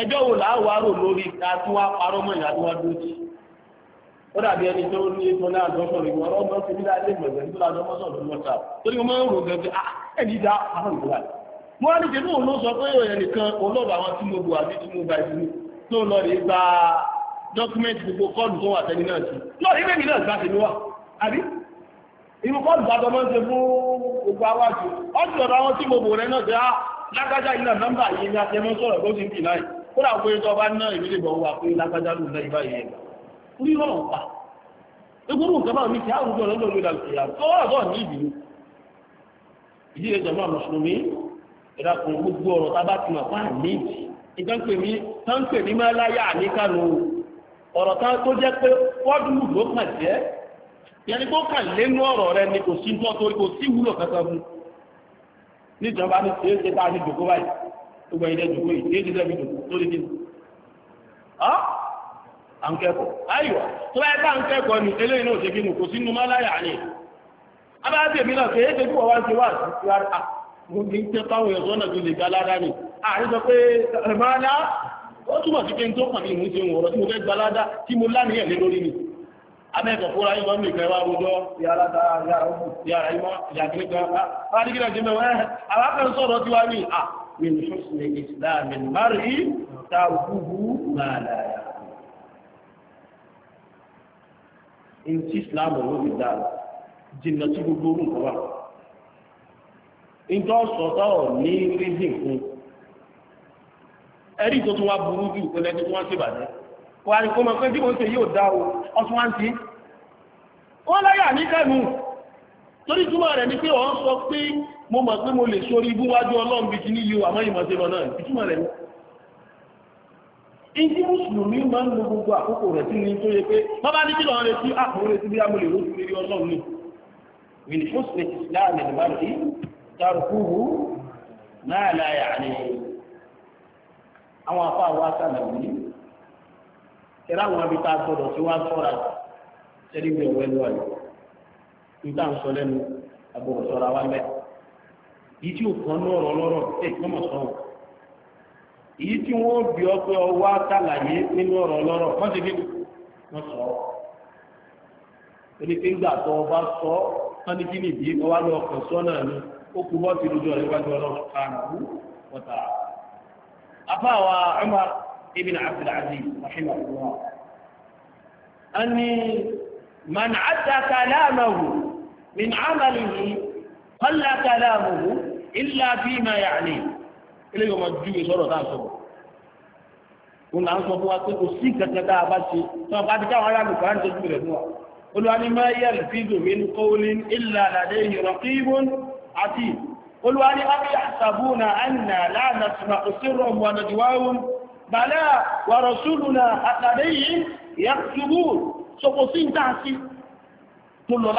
ẹjọ́ wo là á wà rò lórí ká tí wọ́n á parọ́ mọ́ ìyá tí wọ́n dúró sí ó dàbí ẹni tó ní ètò náà tó sọ̀rọ̀ ìwọ ọ̀rọ̀ ọ̀gbọ́n ti ní láti gbẹ̀gbẹ̀ ní tó láti ọmọ sọ̀rọ̀ ní wọ́ta torí wọ́n máa ń rò gẹ́gẹ́ ah ẹni dá àwọn ìgbà mo wá ní ṣe lóun ló sọ pé òyìn nìkan olóòrùn àwọn tí mo bù àbí tí mo bá ìsinmi tó lọ rí gba dọ́kúmẹ́ntì gbogbo kọ́ọ̀dù tó wà tẹ́ni náà sí lọ rí mẹ́rin náà gbáṣe ló wà àbí inú kọ́ọ̀dù gbàgbọ́ máa ń ṣe fún gbogbo awájú ọdún ọ̀rọ̀ àwọn tí mo bù rẹ náà jẹ́ ah, lágbájá iná nọ́mbà yìí ni a ti mọ́ sọ̀rọ̀ tó náà kódà pé tó bá ná ìmílẹ̀ bọ̀ wà pé lágbájá lù náà ibà yẹn orí ọ̀rọ̀ pa egbòrò nǹkan báwọn mi ti àwùjọ lọ́dọ̀ lórí àlùkìyà tó wà bọ̀ ní ìbínú ìdí ẹ̀jẹ̀ máa mùsùlùmí ìdàkùn gbogbo ọ̀rọ̀ a bá ti mọ̀ fún àmì ìjọ́npèmí táǹpèmí máa láyà àníkànú ọ̀rọ̀ kan tó jẹ́ pé wọ́dùn ló kàn jẹ́ yẹni tó kàn lẹ́nu ọ̀rọ̀ rẹ ni kò sí ń tọ́ torí kò sí wúlò kankan fún níjọba ní ṣeéṣe tá a ti dòkó báyìí gbogbo ilé ìdòwò yìí tí èdè ìdòwò tó lè dìbò. ọ́ à ń kẹ́kọ̀ọ́ ayọ̀ tó bá yẹ ká ń kẹ́kọ̀ọ́ ni eléyìí náà ṣe kí ni kò sínú máláyà ni. abáyé mi náà kéé ṣe kí wọ́n wá ṣe wá sí ara mo ní tẹ́ káwọn èèyàn sọ́nà tó lè ga ládá ni ààrẹ sọ pé ẹ̀mọ́lá ó túmọ̀ sí pé ń tó kàn ní ìmúṣe òun ọ̀rọ̀ tí mo fẹ́ gba ládá tí mo láníyàn lé lórí ni abẹ́ẹ̀kọ̀ fúnra yìí wọ́n nìkan wá rojọ́ yàrá yàrá yàrá yàrá yàrá yàrá yàrá yàrá yàrá yàrá yàrá yàrá من حسن إسلام المرء تركه ما لا يعلم إن إسلام ló fi dáa jìnnà tí gbogbo orú nǹkan wà nǹkan sọ̀tọ̀ ní rídìn fún ẹ̀rí tó tún wá burú jù pẹ̀lẹ́ tó tún wá sí ìbàdàn kò wá ní kó máa pẹ́ bí wọ́n ṣe yóò dá o ọtún wá ń ti wọ́n láyà ní kẹ́nu torí túmọ̀ rẹ̀ ni pé wọ́n sọ pé mo mọ̀ pé mo lè sórí ibú wájú ọlọ́run bíi kíní yìí àmọ́ ìmọ̀ ṣe lọ náà ìtumọ̀ rẹ̀ ni. ìdí mùsùlùmí máa ń lo gbogbo àkókò rẹ̀ sí ni tó yẹ pé wọ́n bá ní kí lọ́n retí àpò ah, retí bí amúlè ló ti rí ọlọ́run ní. èyí tí ò kàn ọ̀rọ̀ ọlọ́rọ̀ ẹ̀ kọ́ sọ́wọ́ èyí tí wọ́n bí ọ pé ọwọ́ nínú ọ̀rọ̀ ọlọ́rọ̀ wọ́n ti gbé wọ́n sọ ọ́ onípe ńgbà tó ọba sọ ọ́ ní ìdí lọ náà ni ó kú bọ́ sí lójú ọ̀rẹ́ wájú ọlọ́run ìlà fi máa yà ní ilé ìwọ̀n júwe sọ̀rọ̀ náà sọ̀rọ̀ òun là ń sọ fún wa pé kò sí kankan tá a bá ṣe tí wọn bá ti káwọn aráàlú kan ń tẹ́jú rẹ̀ fún wa olúwa ní máa yẹ lùfíìdù mi ní kọ́wọ́lé ìlà àdàdé ìrọ̀ kíbón àti olúwa ní abíyá sàbúnà àìnà láàdà tùmà òṣèrò ọmọ àdàdìwáwùn bàlá wà rọ̀ṣúlùnà àtàdé yìí yà ṣubú sọ̀kò sí ń tàn sí tó lọ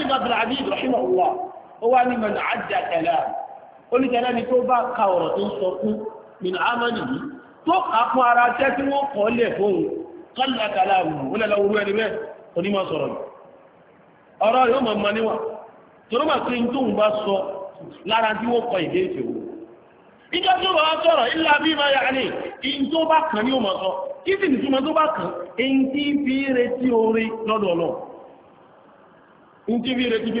ibn Abdul Aziz rahimahullah ó wá ní na àjà tẹ̀lé oníkẹ́lẹ́ ni tó bá ka ọ̀rọ̀ tó ń sọ fún nínú amọ́nì yìí tó kà ara tẹ́ tí wọ́n kọ́ lẹ̀ fóun kọ́lá tẹ̀lé àwọn òun tó bá sọ lára tí wọ́n kọ ìdé ìfẹ́ wọn. ìjọ ní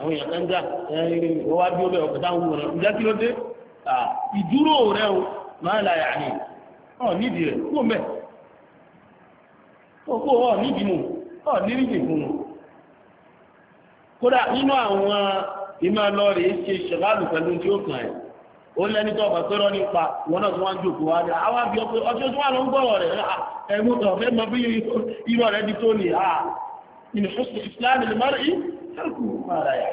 àwọn èèyàn kan já ẹ̀ẹ́n wá bí ó bẹ̀ ọ̀pẹ̀ táwọn rẹ̀ ìjá kí ló dé ìdúró rẹ̀ o máa la yà ní ọ̀ nídìí rẹ̀ kó mẹ́ kókó ọ̀ nídìí nù ọ̀ nídìí fún un kódà nínú àwọn ìmọ̀ lọ rẹ̀ ṣe ṣẹ̀gáàlù pẹ̀lú tí ó kàn ẹ̀ ó lẹ́ni tó ọ̀pẹ̀ tarku ma la ya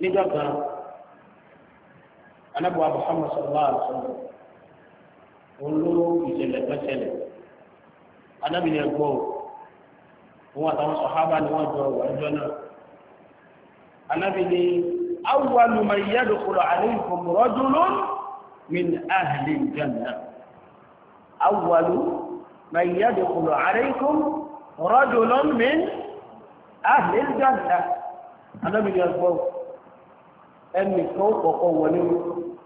nígbà kan anabu Muhammad sallallahu alaihi wasallam olóró ìṣẹ̀lẹ̀ kan ṣẹlẹ̀ anabi ni ẹgbọ òun àtàwọn sọhábà ni wọn jọ wà ẹjọ náà anabi ni awwalu man yadkhulu alaykum rajulun min ahli jannah awwalu man yadkhulu alaykum. Ọrọ min ahli al-jannah anábì ọgbọ́n ẹnì kan ó wọlé wọn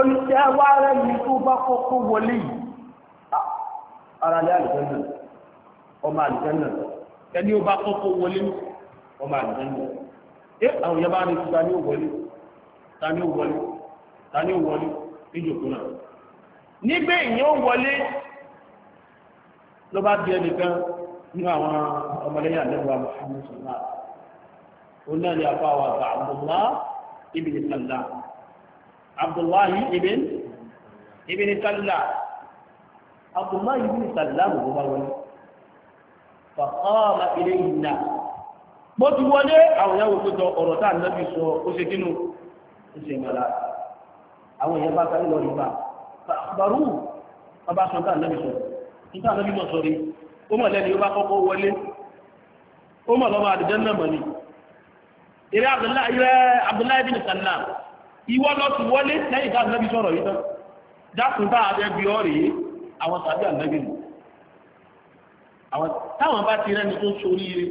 oníṣẹ́ wa rẹ̀ ní tó bá kọ́kọ́ wọlé yìí ara ọmọ ẹni ó bá kọ́kọ́ wọlé ọmọ ẹ àwọn ta ni ó wọlé ta ni ó wọlé ta ni ó ló bá di ẹnìkan nínú àwọn ọmọlẹ́yìn àdẹ́wà Muhammad sọ̀rọ̀ ó náà ní apá wa gba Abdullah ibn Salla Abdullah ibn ibn Salla Abdullah ibn Salla ló bá wọlé fàkọ́ọ̀lá ilé ìnà bó ti wọlé àwọn ìyàwó tó tọ ọ̀rọ̀ tá ànábì sọ ó ṣe kínú ó ṣe mọ́lá àwọn èèyàn bá sáré lọ rí bá fàkọ́rù ọba sọ tá ànábì sọ nígbà ànábì mọ̀ sọ̀rí ó mọ̀ lẹ́ni ó bá kọ́kọ́ wọlé ó mọ̀ lọ́mọ àdìjẹ́ náà mọ̀ ni eré Abdullahi bin Salam ìwọ lọ sí wọlé lẹ́yìn tá ànábì sọ̀rọ̀ yìí tán dákun tá àbẹ bí ọ rèé àwọn tàbí ànábì nù táwọn bá ti rẹ́ni tó ń sórí ire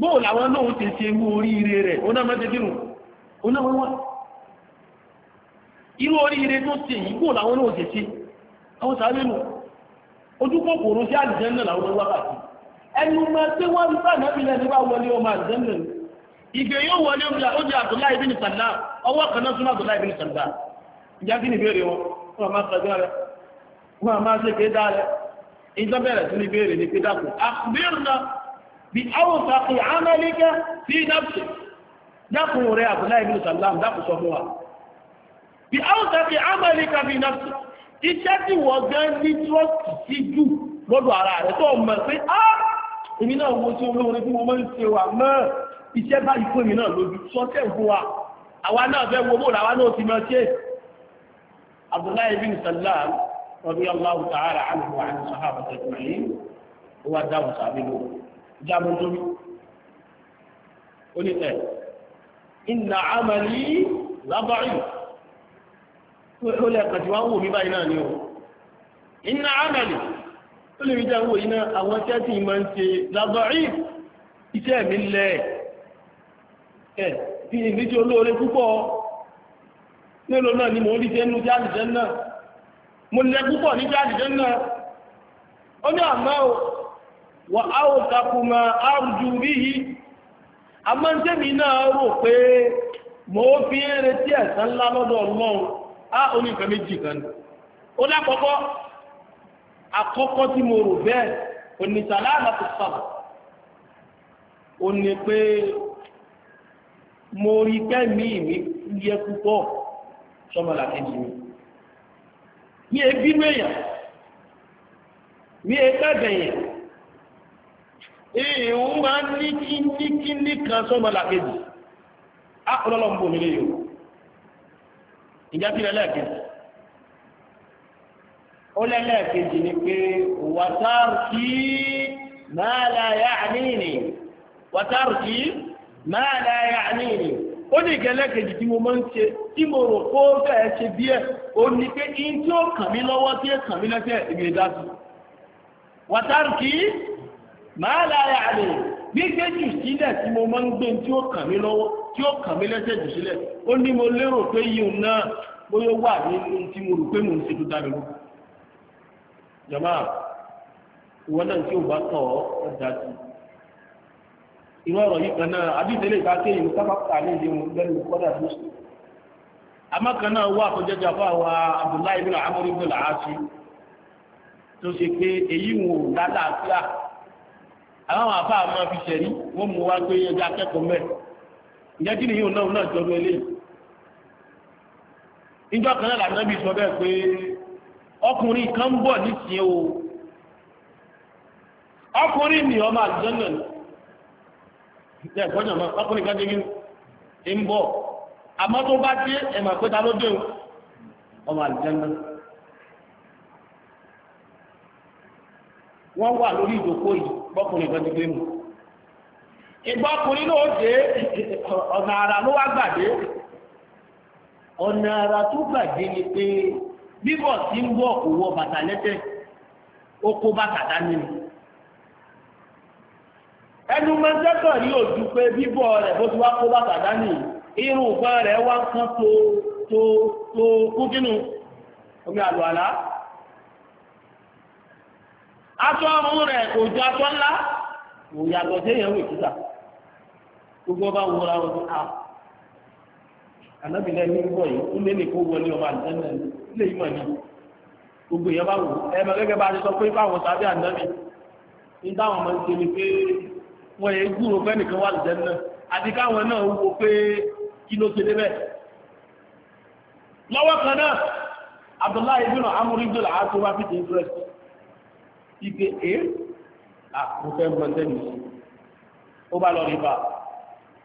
bóò làwọn náà ti ṣe mú oríire rẹ̀ ó náà mọ́tẹ́ dínú làwọn náà ti àwọn sáré ojú kòkòrò sí àlùjẹ́nà làwọn wákàtí ẹnu ma tí wọ́n rí sáà nábì lẹ́ni wá wọlé ọmọ àlùjẹ́nà ìgbè yóò wọlé ojú Abdullahi bin Salla ọwọ́ kan náà súnmọ́ Abdullahi bin Salla ìjà kí ni ìbéèrè wọn wọn máa sọ dára wọn máa ṣe ké dára ìjọ bẹ̀rẹ̀ sí ní ìbéèrè ní pé dákun àkùbírùnà bí àwọn iṣẹ́ tí wọ́n gan ní trọ́ọ̀tì sí jù lọ́dọ̀ ara rẹ̀ tó mọ̀ pé á èmi náà wo tí olóore tí mo máa ń ṣe wà mọ́ iṣẹ́ báyìí fún èmi náà lójú sọ́tẹ̀ fún wa àwa náà fẹ́ wo bó làwa náà ti máa ṣe Abdullahi bin Salam inna amali labari ó lẹ́ẹ̀kan tí wọ́n wò mí báyìí náà ni o iná ámàlì ó lè rí jẹ́ ina iná àwọn iṣẹ́ tí ìmọ̀ ń ṣe lábọ̀rí iṣẹ́ mi lẹ̀ ẹ̀ bí ìdíje olóore púpọ̀ nílò náà ni mo ń ríṣẹ́ nínú jáàdìjẹ́ náà mo lẹ púpọ̀ ní jáàdìjẹ́ náà ó ní àmọ́ wà á ò takùmọ̀ àrùjù ríhi àmọ́ ń tẹ́mi náà rò pé mò fi ń retí ẹ̀san ńlá lọ́dọ̀ Ọlọ́run A ó ní nǹkan méjì kan ní. ó lákọ̀ọ́kọ́ àkọ́kọ́ tí mo rò bẹ́ẹ̀ onísàlá àlàfo sàbà ó ní pé mo rí kẹ́mi mi yẹ púpọ̀ sọ́mọlá kejì mi. mi è bínú èèyàn mi è bẹ̀bẹ̀ yẹn èèyàn máa ń ní kíní kan sọ́mọlá kejì á ọlọ́lọ́ ń bò mí léyìí ìjọba ìrẹ̀lẹ̀ kejì ó lẹ́lẹ̀ kejì ni pé wàtárùkì máa la yá àníyìnì wàtárùkì máa la yá àníyìnì ó ní ìgẹ̀lẹ̀ kejì tí mo máa ń ṣe tí mo rò kó fẹ́ẹ̀ ṣe díẹ̀ ó ní pé kí n tí ó kàn mí lọ́wọ́ tí ó kàn mí lẹ́sẹ̀ ìgbè dásù wàtárùkì máa la yá gbígbé jù sílẹ̀ tí mo máa ń gbé tí ó kàn mí lọ́wọ́ tí ó kàn mí lẹ́sẹ̀ jù sílẹ̀ ó ní mo lérò pé yíò náà wà ní tí mo rò pé mo ń ṣe tó dábẹ̀rù jama ìwọ náà tí ò bá tọ̀ ọ́ ọ́ sí irú ọ̀rọ̀ yìí kan náà àbídélé ìta kéyìn sábà kà ní ìdí wọn lẹ́nu kọ́dà tó sùn àmọ́ kan náà wà tó Abdullahi bin bin tó ṣe pé èyí ìjẹ́jì ni yóò náà náà jọrú eléyìí ìjọ kan sọ bẹ́ẹ̀ pé ọkùnrin kan ń bọ̀ o ọkùnrin mi ọmọ àlùjọ́nà ní ọkùnrin kan ti ń bọ̀ àmọ́ tó bá dé ló dé o ọmọ kan ti gbé ìgbà ọkùnrin ló dé ọ̀nà ara ló wá gbàdé ọ̀nà ara tó gbàdé ni pé bíbọ̀ sí ń bọ̀ òwò bàtà lẹ́tẹ̀ ó kó bàtà dání ni ẹnu mẹ́tẹ́kọ̀ ní ojú pé bíbọ̀ rẹ̀ bó ti wá kó bàtà dání irun rẹ̀ wá kán tó tó tó gbogbo bá wúra wọn a anabila ẹni wọ yìí ó lé ní kó wọlé ọmọ àdéhùn ẹni lè yí mọ ní gbogbo yẹn bá wù ẹ mọ gẹ́gẹ́ bá a ti sọ pé báwọn sábẹ́ ànábì ní táwọn ọmọ ń ṣe ni pé wọn yẹ gbúrò pé nìkan wà lùdẹ náà àti káwọn náà wò pé kí ló ṣe débẹ̀. lọ́wọ́ kan náà Abdullahi ibn Amr ibn al-As wá fi dé interest ike e àkùnfẹ́ ah, mọ́tẹ́nì ó bá lọ rí bá a.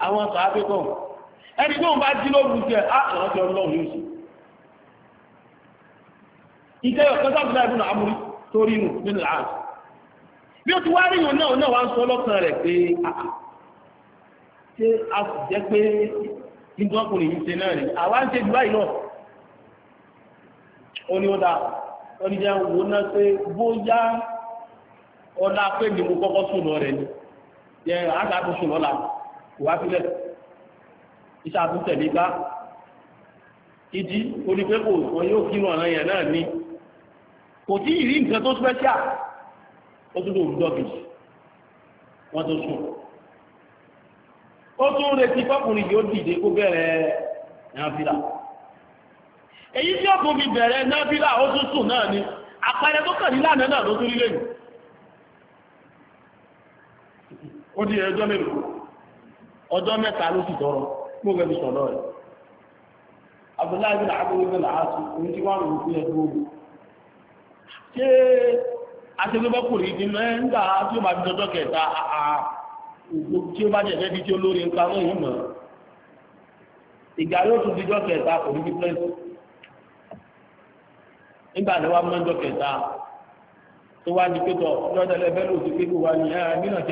àwọn sàábé kan ẹni tó ń bá jí lóògùn jẹ àtọ̀rọ̀jọ lọ́wọ́ yóò sì ìjẹ́ ọ̀kan sábìlá ìbùn àmúrí torí nù nínú ààrùn bí ó ti wá rí yòó náà náà wá ń sọ lọ́kàn rẹ̀ pé ṣé a sì jẹ́ pé nígbà ọkùnrin yìí ṣe náà rí àwa ń ṣe jù báyìí náà ó ní ó dáa ó ní jẹ́ wo náà pé bóyá ọlá pé ni mo kọ́kọ́ sùn lọ rẹ̀ ni jẹ́ àgbà tó sùn lọ́la kò wá sílẹ̀ iṣẹ́ iji bá ìdí onípẹ́ kò wọn yóò kírun ọ̀ràn yẹn náà ní kò tí ì nǹkan tó special ó tún lòun dọ́gìjì wọ́n tó sùn ó tún retí fọkùnrin yóò dìde kó bẹ̀rẹ̀ náfìlà èyí tí ó bẹ̀rẹ̀ ni àpẹẹrẹ tó kàn nílànà náà ló tún rí lẹ́yìn ó di ẹjọ́ mélòó ọjọ́ mẹ́ta ló sì tọrọ kí wọ́n fi sọ̀rọ̀ rẹ̀ abdullahi bin abdullahi bin asu ohun tí wọ́n rò fún ẹgbẹ́ ogun ṣé aṣẹ́gbẹ́bọ́kùnrin ti mẹ́ ń gbà tí ó máa fi dọjọ́ kẹta ògbó tí ó bá jẹ̀ fẹ́ bí tí ó lórí ń parọ́ yìí mọ̀ ìgbà yóò tún dijọ́ kẹta kò ní bí pẹ́ẹ́sì nígbà tí wọ́n mọ́ ọjọ́ kẹta tó wá ní pé tọ̀ lọ́dọ̀ lẹ́fẹ́ lòdì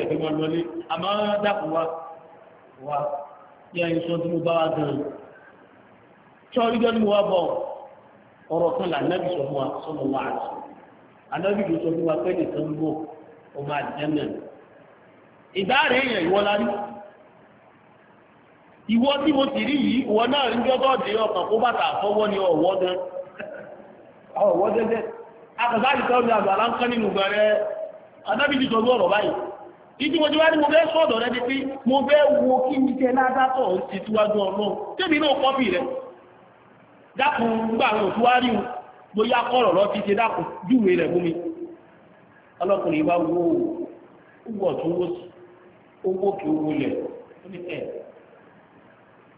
pé kò wa bí ẹni sọ tí mo bá wá gan tíọ́ ìjọ ni mo wá bọ̀ ọ̀rọ̀ kan là nábì sọ fún wa sọ́nà wa àti anábì tó sọ fún wa nìkan ọmọ rẹ̀ ìwọ ìwọ tí mo sì rí yìí ìwọ náà ń ọkàn kó bàtà ni ọ̀wọ́ gan ọ̀wọ́ gẹ́gẹ́ akọ̀sáàdì ìdí mo ti wá ní mo fẹ́ sọ̀dọ̀ rẹ ni pé mo fẹ́ wo kí n jẹ ládàtọ̀ ti túwájú ọlọ́run tèmi náà kọ́pì rẹ dákun gbà àwọn òtúwárí o bóyá kọ̀rọ̀ lọ ti ṣe dákun júwe rẹ̀ fún mi ọlọ́kùnrin bá wo owó ọ̀tún owó sí owó kí owó lẹ̀ ní ẹ̀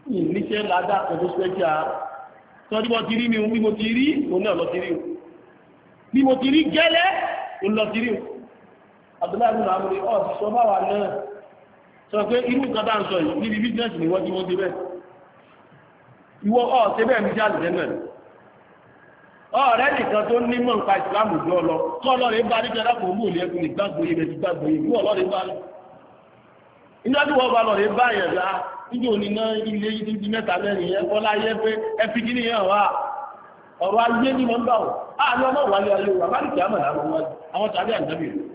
ní níṣẹ́ ládàá kan tó ṣẹ́ jà sọ́dí mo ti rí mi bí mo ti rí òun náà lọ ti rí o bí mo ti rí gẹ́lẹ́ òun lọ ti rí o abdullahi bin amri ọ oh, sọ bá wà náà sọ pé irú nǹkan tá ń sọ yìí níbi bíjínẹ́sì ni wọ́n tí wọ́n dé bẹ́ẹ̀ ìwọ ọ oh, ṣe bẹ́ẹ̀ ní jáde jẹ́nà ọ̀rẹ́ nìkan tó nímọ̀ nípa ìsìlámù jọ lọ tó ọlọ́rin bá ní jẹ́dá kò mú òní ẹkùn ní gbàgbọ́ yìí rẹ̀ ti gbàgbọ́ yìí wọ́n ọlọ́rin bá lọ iná tí wọ́n bá lọ́rin bá yẹn rà ah, níbi òní náà ilé yìí ti mẹ́ta mẹ́rin yẹn kọ́ láyé pé ẹ fi kíní yẹn wá ọ̀rọ̀ ayé ah, ní wọn bá wọ̀ àná ọmọ wàlé ayé wà má nìkẹ́ àmọ̀ làwọn wájú àwọn tàbí àǹdábìrì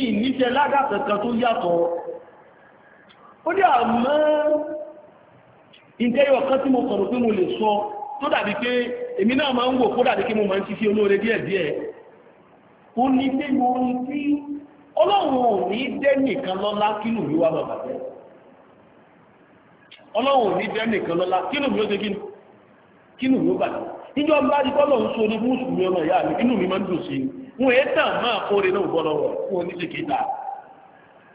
ìníṣẹ́ ládàkẹ̀kẹ́ tó yàtọ̀ ó dí àmọ́ ìjẹ́ ọ̀kan tí mo sọ̀rọ̀ pé mo lè sọ tó dàbí pé èmi náà máa ń wò kó dàbí pé mo máa ń ṣiṣẹ́ olóore díẹ̀díẹ̀ ó ní pé mo ń tí ọlọ́run ò ní dẹ́ nìkan lọ́lá kínú mi wá bàbà jẹ́ ọlọ́run ò ní dẹ́ nìkan lọ́lá kínú mi ó ṣe kínú mi ó bàjẹ́ níjọ́ bá di kọ́lọ̀ ń so ní mùsùlùmí ọmọ ìyá mi inú mi máa ń dùn sí i wọn èé tàn máa kóore náà bọ́ lọ́wọ́ fún oníṣe kìíta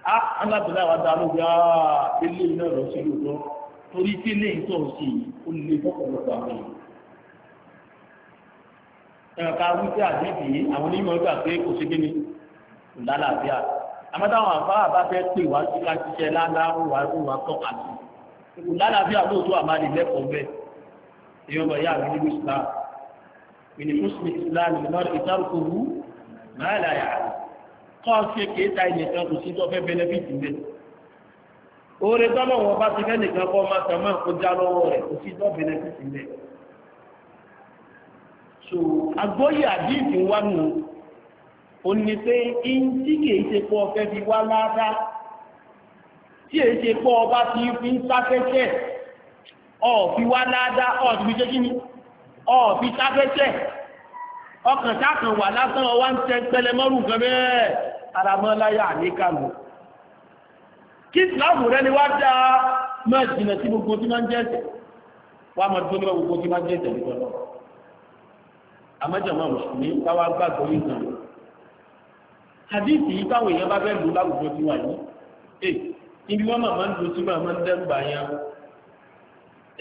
a alábìlẹ̀ wa dá lóbi áá ilé iná lọ sí lóòótọ́ torí tí ilé ìtọ́ sí ó lè fọ́pọ̀lọpọ̀ àwọn èèyàn ẹ̀ka wípé àdébì àwọn onímọ̀ gbà pé kò sí kíni kò lálàáfíà àmọ́táwọn àfáà bá fẹ́ pè wá sí ká ṣiṣẹ́ láńláwó wá fún wa tọ́ka sí kò lálàáfíà lóòótọ́ àmàlè lẹ́kọ̀ọ́ bẹ́ẹ̀ èèyàn bọ̀ yá àbí nínú islam ìní muslim islam ìmọ̀ ìtàrùkọ̀ wù máa là yà kọ́ ṣe kìí ta ẹnìkan kò sí tó fẹ́ bẹ́nẹ́fìtì bẹ́ẹ̀. oore tọ́lọ̀ wọn bá ti fẹ́ nìkan kọ́ máa tàn máa kó já lọ́wọ́ rẹ̀ kò sí tó bẹ́nẹ́fìtì bẹ́ẹ̀. so agbóyè àdìsí wa nù ó ní pé ìǹtí kìí ṣe pọ̀ fẹ́ fi wá ládàá tí èyí ṣe pọ̀ ọba ti fi ń sáfẹ́fẹ́ ọ̀fi wá ládàá ọ̀fi ṣe kí ni ọ̀fi sáfẹ́fẹ́ ọkàn sákàn wà lásán ọwá ń tẹ pẹlẹmọ́rù nǹkan bẹ́ẹ̀ aramọ́láyà àníkàlù kí ìsìláàmù rẹ ni wá dá máa jìnà sí gbogbo tí máa ń jẹ́ẹ̀tẹ̀ wá máa dúró nípa gbogbo tí máa ń jẹ́ẹ̀tẹ̀ nípa náà amájàmá mùsùlùmí káwá gbàgbọ́ yìí kan hadithi yìí káwọn èèyàn bá fẹ́ lù láwùjọ tí wà yìí ẹ ibi wọn máa ń lò sí máa máa ń dẹ́rù yẹn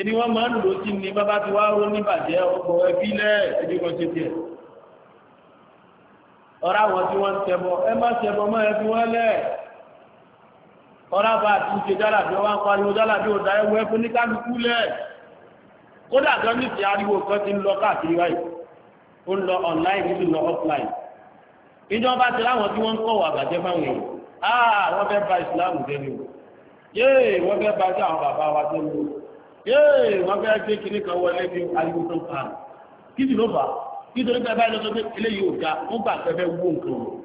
ibi wọn máa ń lò sí ni bàbá ti wá ró níbàjẹ́ ọkọ̀ ẹbí lẹ́ẹ̀ ẹbí kan ṣe tiẹ̀ ọ̀rọ̀ àwọn tí wọ́n ń tẹ̀bọ̀ ẹ má tẹ̀bọ̀ mọ́ ẹ fi wọ́n lẹ̀ ọ̀rọ̀ àbá àti ìṣe jálàbí ọwọ́ ń pariwo jálàbí ọ̀dà ẹwọ ẹ fún níkàlùkù lẹ̀ kódà tó ní ti ariwo kan ti ń lọ káàkiri wáyé ó ń lọ online ó sì lọ offline ìjọba ti láwọn tí wọ́n ń kọ̀wọ̀ àbàjẹ́ fáwọn èèyàn áà wọ́n fẹ́ ba ìsìláàmù dẹ́nu yéè wọ́n fẹ́ ba sí àwọn bàbá wa dẹ́nu yéè wọ́n fẹ́ gbé nítorí pé báyìí lọ́sọ pé eléyìí ò ga wọ́n fẹ́ wó o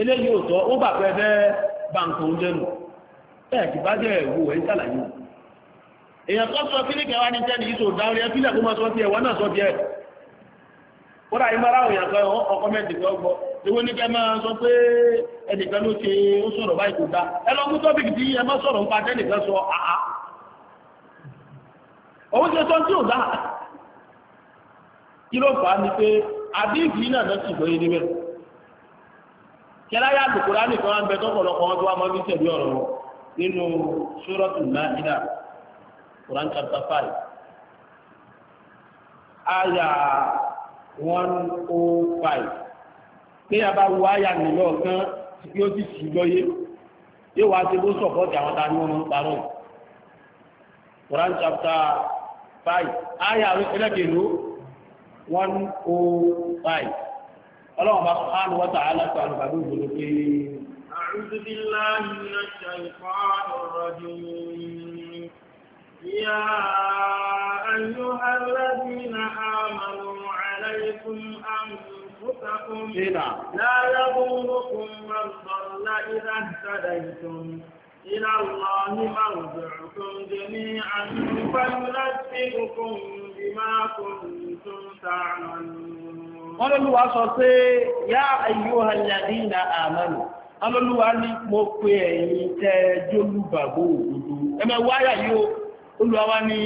eléyìí ò tọ́ wọ́n fẹ́ ba nǹkan oúnjẹ nù ẹ̀ kì bá jẹ́ ẹ̀wò ẹ̀ ń sàlàyé èèyàn sọ kíní kẹwàá ní yìí dá orí kó máa sọ náà sọ sọ pé ẹnìkan ló ṣe ó sọ̀rọ̀ báyìí kò dá ẹ lọ tọ́pìkì tí sọ àá kí ló fà á ni pé àdéhùn yìí náà ti gbọ́ yé níbẹ̀ kẹláyà lùkúrá nìkan wá ń bẹ tọ́pọ̀lọpọ̀ wọn tó wá mọ́ bí tẹ̀lé ọ̀rọ̀ wọn nínú sórọ́tù náírà Quran chapter five aya one oh five pé a bá wo aya nílò kan bí ó ti sì lọ́yé yóò wá ṣe bó sọ̀pọ̀tì àwọn tani wọn ń parọ́ Quran chapter five aya ẹlẹ́kẹ̀ẹ́ ló. 105 ọlọ́run bá sọ́hánù wọ́ta aláṣọ àlùbàbí òbòdó pé. أعوذ بالله من الشيطان الرجيم يا أيها الذين آمنوا عليكم أنفسكم لا يضركم من ضل إذا اهتديتم إلى الله مرجعكم جميعا فينبئكم wọ́n lọ́lúwà sọ pé yá ayyuhalladhina na amanu alọ́lúwà ní mo pé ẹ̀yìn tẹ́ jólúbàgbò òdòdó ẹmẹ wáyà yóò olùwàwá ní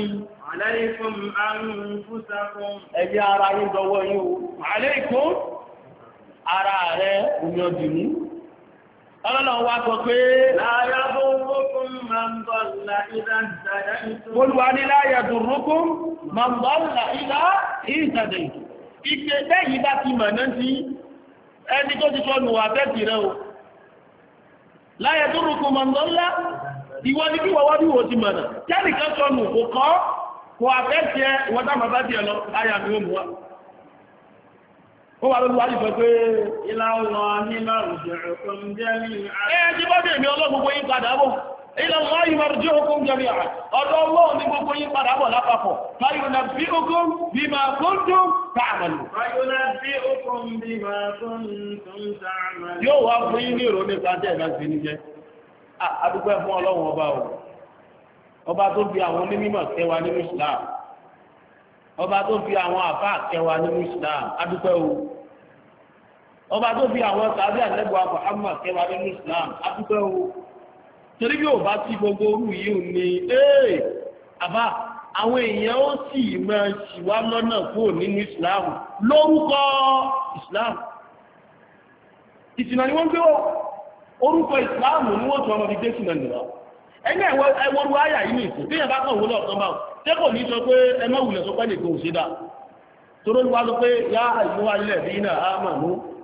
alaykum anfusakum ara yín yóò alaykum ara Ọlọ́run wá sọ pé, Olúwa ní láyàdùn rúkún, Màmbọ́lá ìlà ìsàdẹ̀ ìtù. Ìgbé bẹ́yìí bá ti mọ̀ náà sí ẹni tó ti sọ́nù wà bẹ́ẹ̀kì rẹ̀ o. Láyàdùn rúkún, Màmbọ́lá, ìwọ ni kí wọ́wọ́ bí wo ti mọ̀ náà. Tẹ́nìkan ó wà lórí wájú pẹ̀pẹ́ ilá ọlọ́ ní márùn-ún jẹ́rùkún jẹ́mí ààrẹ ti bọ́ bèèmí ọlọ́gbogbo yí padà bọ̀ ilá ọlọ́ yí márùn-ún jẹ́mí ààrẹ ọ̀dọ̀ ọlọ́run ní gbogbo yí padà bọ̀ lápapọ̀ fáyọ̀ nà bí ogun bí máa kún tún tààmàlù yóò wá fún yí ní ìrò nípa tẹ́ ẹ̀dá sí ní jẹ́ àdúgbẹ́ fún ọlọ́run ọba o ọba tó fi àwọn onímọ̀ kẹwa nínú Islam ọba tó fi àwọn àfáà kẹwa nínú Islam adúpẹ́ o ọba tó fi àwọn sàbí àlẹ́gbọ̀ Muhammad kẹwàá nínú Islam adúgbò wo torí bí ò bá sí gbogbo orú yìí ò ní ee àbá àwọn èèyàn ó sì máa ṣìwá lọ́nà kúrò nínú Islam lórúkọ Islam ìsìnà ni wọ́n gbé wọ́n orúkọ Islam ni wọ́n tún ọmọ fi gbé sínà nìyà ẹgbẹ́ ẹwọ́rú àyà yìí nìyí bí yẹn bá kàn wọ́n lọ́ọ̀kan báwọn tẹ́kọ̀ ní sọ pé ẹ má sọ pé nìkan ò ṣe dà torí wọ́n sọ pé yá àyíwá ilẹ̀ bí náà á mà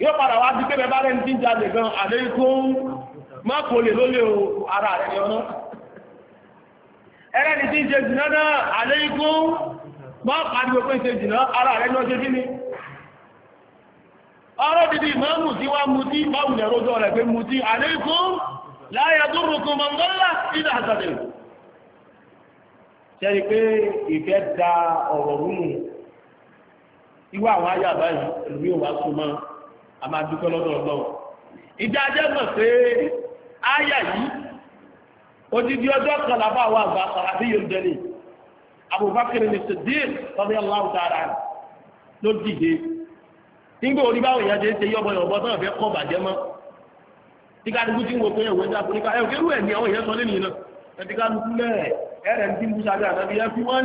yóò padà wá sí pé bẹ́ẹ̀ bá rẹ̀ ń dín jalè gan àléékún má kò lè lólè o ara rẹ̀ yọ náà ẹlẹ́ni tí ń ṣe jìnà náà àléékún má pariwo pé ń ṣe jìnà ara rẹ̀ yọ ṣe kí ni ọ̀rọ̀ dìdì ìmáàmù tí wá mutí báwù lẹ̀ rọ́jọ́ rẹ̀ pé mutí àléékún láyé tó a máa dúpẹ́ lọ́dọ̀ ọlọ́run ìjà jẹ́ mọ̀ pé áyà yìí odidi ọjọ́ kan làbá àwọn àgbà sàràbí yorùdẹ́lì Abubakar ní Siddiq radiyallahu ta'ala ló dìde nígbà orí báwọn èèyàn ṣe ń ṣe yọ̀bọ̀yọ̀bọ̀ tó ń fẹ́ kọ́ bàjẹ́ mọ́ tíkadùkú tí ń wo pé ẹ̀wọ̀ ẹ̀dá fún nípa ẹ̀wọ̀ kérú ẹ̀ ní àwọn èèyàn sọ lẹ́nu yìí náà ẹ̀tíkadùkú lẹ́ẹ̀ ẹ̀rẹ̀ ń ẹ̀ fi wọ́n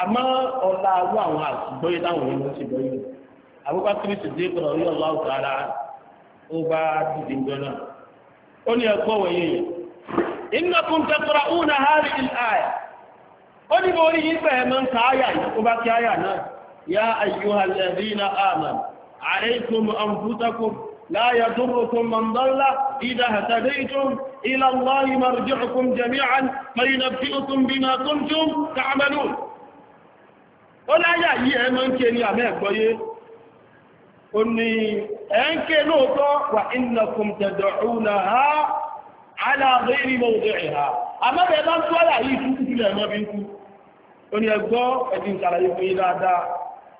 àmọ́ ọ̀la arú àwọn àtìgbọ́yé láwọn èèyàn ti gbọ́yé àbúkà kírísì dé kọ̀ orí ọ̀la ọ̀gá ara ó bá dìde ńjọ náà ó ní ẹ̀kọ́ wẹ̀yẹ yẹn iná kún tẹ́kọ̀rọ̀ òun náà hárí ìlàyà ó ní mo rí yín bẹ́ẹ̀ mọ́ ń ka áyà yìí ó bá kí áyà náà yá ayyuhal ladhina amanu alaykum anfusakum لا يضركم من ضل إذا اهتديتم إلى الله مرجعكم جميعا فينبئكم بما كنتم تعملون ó láyà yìí ẹ mọ́ ń ké ní àmẹ́ ẹ̀gbọ́yé ó ní ẹ ń ké lóòótọ́ wà innakum tad'unaha ala ghairi mawdi'iha àmọ́bẹ̀ bá ń tó àyà yìí tún kúkú lẹ̀ mọ́ bí ń kú ó ní ẹgbọ́ ẹ̀dín sàlàyé fún yí dáadáa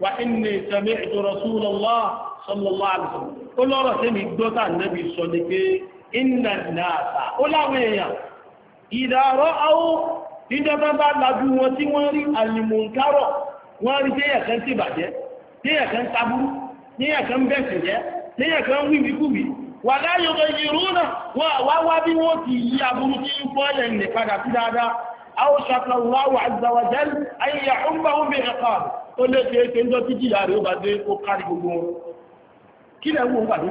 wà inni sami'tu rasulullah sallallahu alaihi wasallam ó lọ́rọ̀ inna nasa ó láwọn èèyàn ìdàrọ́ àwọn ìjọba bá lajú wọn tí wọ́n rí àlìmọ̀ǹkárọ̀ wọ́n rí téèyàn kan ti bàjẹ́ téèyàn kan taburú téèyàn kan bẹ̀sẹ̀ jẹ́ téèyàn kan wíwíkúwì wà láyé ọgbẹ̀yìn rúnà wà wá bí wọ́n ti yí aburú tí ń fọ́ ilẹ̀ nì padà sí dáadáa àwọn ṣàkà wáwà àzàwàjẹ́ ayẹyẹ ọgbàwọn bí ẹ̀kọ́ ó lé ṣe é ṣe ń jọ títí ìyá rẹ̀ ó bá dé ó kárí gbogbo wọn kí lẹ̀ wọ́n gbà tó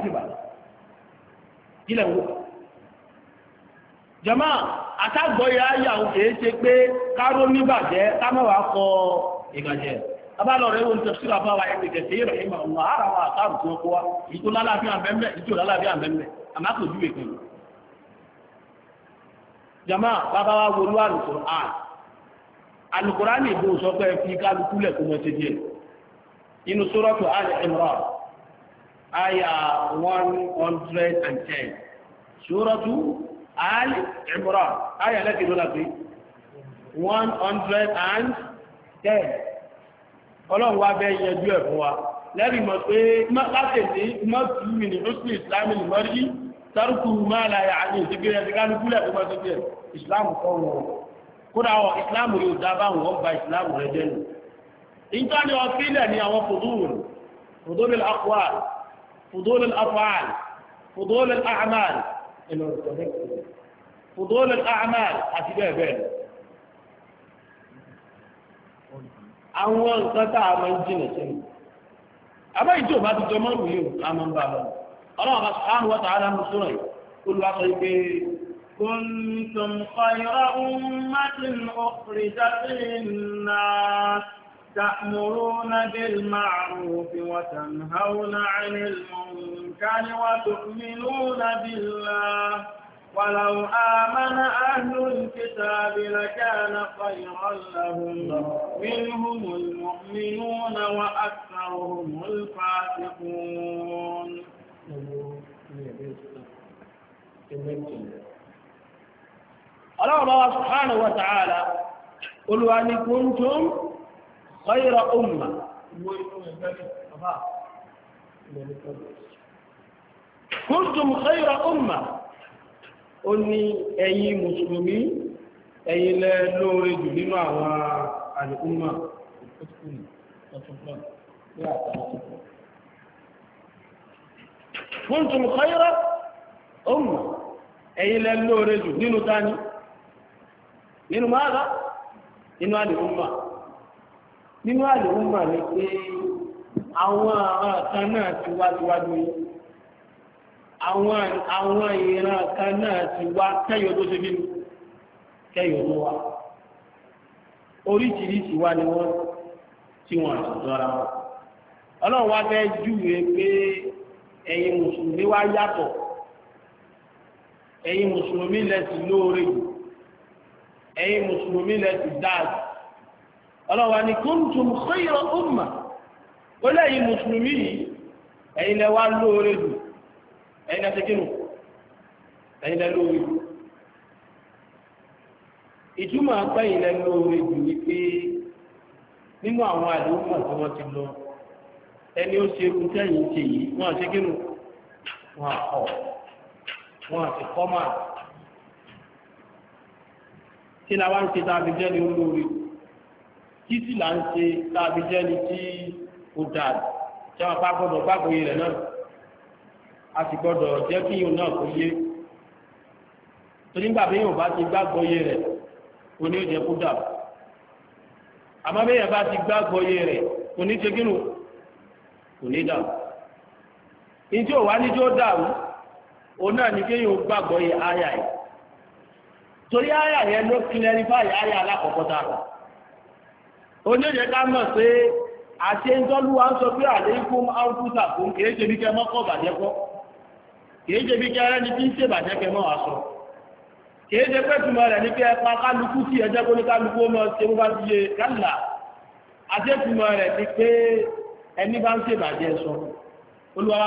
ti é ṣe pé káró níbàjẹ́ ìgbàjẹ́ abálọ̀rẹ́ wọn tẹ̀síra bá wa ẹgbẹ̀ jẹ́ tẹ́yẹ̀ rẹ̀ ìmọ̀ ọ̀nà ara wa àtàrù tí ó kọ́ wa ìjọ lálàáfíà bẹ́m̀bẹ̀ ìjọ lálàáfíà bẹ́m̀bẹ̀ àmákò ju èkó yìí jama bàbá wa wọlú àlùkò à one hundred and ten sórọ́tò àlẹ́ Imran one hundred and ten ọlọ́run wa bẹ́ yẹjú ẹ̀ fún wa lẹ́rìí mọ̀ pé látẹ̀lé mọ́tù mi ní rúṣù ìsìlámù ní mọ́rí sárùkù máa la yà á ní ìdígbére ẹ̀sìn kálukú lẹ́kọ̀ọ́ mọ́tò tiẹ̀ ìsìlámù kọ́ wọn kódà wọn ìsìlámù yóò dá bá wọn ba ìsìlámù rẹ jẹ́ àwọn nǹkan tá a máa ń jìnà sínú abẹ́ ìjọ bá ti jọ mọ́ ìwé o a máa ń bá lọ ọlọ́run bá sọ àwọn wọ́tà ara mi sọ̀rọ̀ yìí olùwà sọ yìí pé. كنتم خير أمة أخرجت للناس تأمرون بالمعروف وتنهون عن المنكر وتؤمنون بالله ولو آمن أهل الكتاب لكان خيرا لهم منهم المؤمنون وأكثرهم الفاسقون الله سبحانه وتعالى قل وأن كنتم خير أمة كنتم خير أمة ó ní ẹ̀yin mùsùlùmí ẹ̀yin lẹ lóore jù nínú àwọn àlùkùnmá kuntum khayra umma ẹ̀yin lẹ lóore jù nínú tani nínú mara nínú àlùkùnmá nínú àlùkùnmá ni pé àwọn àwọn kan náà ti wájúwájú yìí àwọn ìran kan náà ti wá kẹyọ tó ṣe nínú kẹyọ tó wá oríṣiríṣi wá ni wọ́n tí wọ́n àtúntọ́ra wọn ọlọ́run wá fẹ́ júwe pé ẹ̀yin mùsùlùmí wá yàtọ̀ ẹ̀yin mùsùlùmí lẹ́sìn lóore jù ẹ̀yin mùsùlùmí lẹ́sìn dáàbò ọlọ́wà ní kúntùm khayra umma ó lẹ́yìn mùsùlùmí yìí ẹ̀yin lẹ lóore jù ẹ̀yin náà ṣe kínú ẹ̀yin náà lóore ìtumọ̀ apẹ́yìn náà lóore jù wípé nínú àwọn àdéhùn tí wọ́n ti lọ ẹni ó ṣe ikú tẹ́yìn ṣe yìí wọ́n àṣẹ kínú wọ́n àkọ́ wọ́n àti kọ́mà tí la wá ń ṣe tàbí jẹ́ ní olóore kí sì là ń ṣe tàbí jẹ́ ní tí ó dà tí wọ́n bá gbọ́dọ̀ gbàgbé rẹ̀ náà a sì gbọ́dọ̀ jẹ́ kí yóò náà kó yé torí nígbà bí yóò bá ti gbàgbọ́ yé rẹ̀ kò ní jẹ́ kó dàbọ̀ àmọ́ bí yóò bá ti gbàgbọ́ yé rẹ̀ kò ní ṣe kí nù kò ní dàbọ̀ ìjọ wa ní jọ dàrú òun náà ní kí yóò gbàgbọ́ yé áyà yìí torí áyà yẹn ló kílẹ̀rífáì áyà alákọ̀ọ́kọ́ ta onídìí ká mọ̀ pé àti ẹjọ́ lúwa ń sọ pé àlékún áwùkúta kò ń kéé ṣe bí kẹ́ mọ́kọ́ bàjẹ́ kọ́ kìí ṣe bí kí ara ní tí ń ṣe bàjẹ́ kẹ mọ́ aṣọ kìí ṣe pẹ́ túnmọ̀ rẹ̀ ní pé ẹpa kálukú sí ẹjẹ́ kó ní kálukú ó mọ́ bá ti yé kálà àṣẹ́túnmọ̀ rẹ̀ ni pé ẹni bá ń ṣe bàjẹ́ sọ olúwa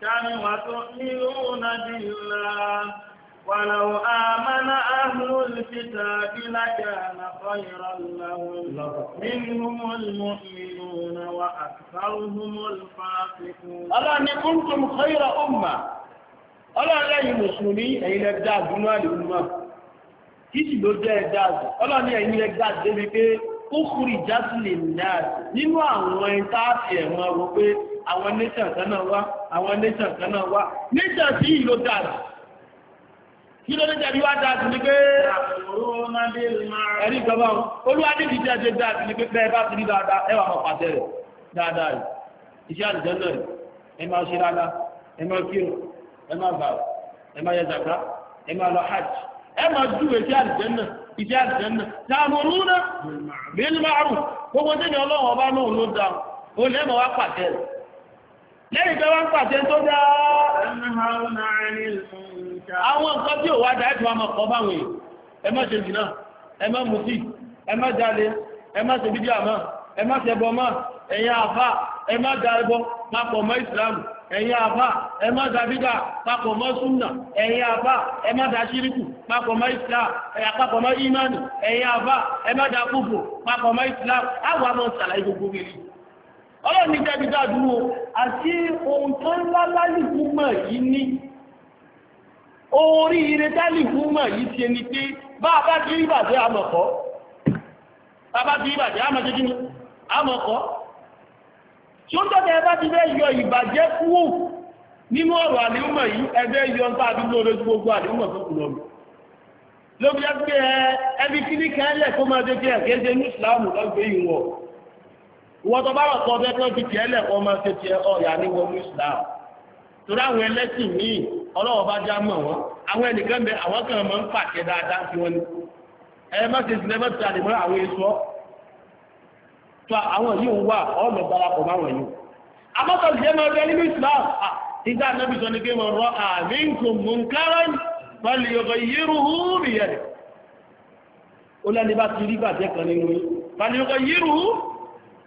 كانوا وتؤمنون بالله ولو آمن أهل الكتاب لكان خيرا لهم منهم المؤمنون وأكثرهم الفاسقون ألا أن كنتم خير أمة ألا لا المسلمين أي لبدا جنوى لأمة kìí ló jẹ́ ẹ̀dá àjò ọlọ́ni ẹ̀yìn ẹgbẹ́ àjẹ́bí pé ó kúrì jásílẹ̀ náà nínú àwọn ẹ̀ta àti ẹ̀wọ̀n àwọn nation kan náà wá àwọn nation kan náà wá nation sí ìlú dára kí ló ní tẹ̀lé wá dáa sí ni pé ẹ̀rí ìjọba olúwa ní ìdíje ṣe dáa sí ni pé bẹ́ẹ̀ bá ti ní dáadáa ẹwà máa pàṣẹ rẹ̀ dáadáa rẹ̀ iṣẹ́ àdìjọ́ náà rẹ̀ ẹ máa ṣe dáadáa ẹ máa kírun ẹ máa bà ẹ máa yẹ zàkà ẹ máa lọ hajj ẹ máa ju iṣẹ́ àdìjọ́ náà iṣẹ́ àdìjọ́ náà tààmùrún náà bẹ́ẹ̀ ni máa rù gbogbo tí ni ọlọ́run ọba náà ló dáa ó lẹ́mọ̀ wá pàṣẹ rẹ̀ lẹ́yìn tó wá ń pàṣẹ tó dáa àwọn nǹkan tí ò wá dáa ẹ̀tùwà máa kọ́ báwọn èèyàn ẹ má ṣe jìnnà ẹ má mutí ẹ má jalè ẹ má ṣe bídíà mọ́ ẹ má ṣe bọ́ mọ́ ẹ̀yin àfà ẹ má da ẹbọ papọ̀ mọ́ ìsìlámù ẹ̀yin àfà ẹ má da bídà papọ̀ mọ́ súnà ẹ̀yin àfà ẹ má da ṣíríkù papọ̀ mọ́ ìsìlámù ẹ̀yà papọ̀ mọ́ ìmánì ẹ̀yin àfà ẹ má da kúfù papọ̀ mọ́ ìsìlámù àwọn àmọ́ ṣàlàyé gbogbo wíìlì ọlọ́run ní jẹ́bíjá dúró àti ohun tó ńlá mọ̀ yìí ní orí mọ̀ yìí ti ẹni pé bá a bá ti rí àmọ̀kọ́ a kí àmọ̀kọ́ tí ó ń tọ́ta ẹ ti fẹ́ yọ ìbàjẹ́ kúrò nínú ọ̀rọ̀ àdéhùnmọ̀ yìí ẹgbẹ́ yọ ń a gbogbo àdéhùnmọ̀ tó kù lọ́mù lóbi ẹgbẹ́ ẹbí ìwọ́n tó bá rọ̀ pọ̀ bẹ́ẹ̀ tó ti tiẹ̀ lẹ̀ kọ́ máa ṣe tiẹ̀ ọ̀yà ní Islam torí àwọn ẹlẹ́sìn míì ọlọ́wọ́ bá já mọ̀ wọ́n àwọn ẹnìkan bẹ àwọn kan máa ń pàṣẹ dáadáa sí wọn ni ẹ má ṣe mọ́ àwọn èso tó àwọn yìí ń wà ọ̀nà darapọ̀ yìí máa bẹ nínú Islam ìgbà anábì sọ ni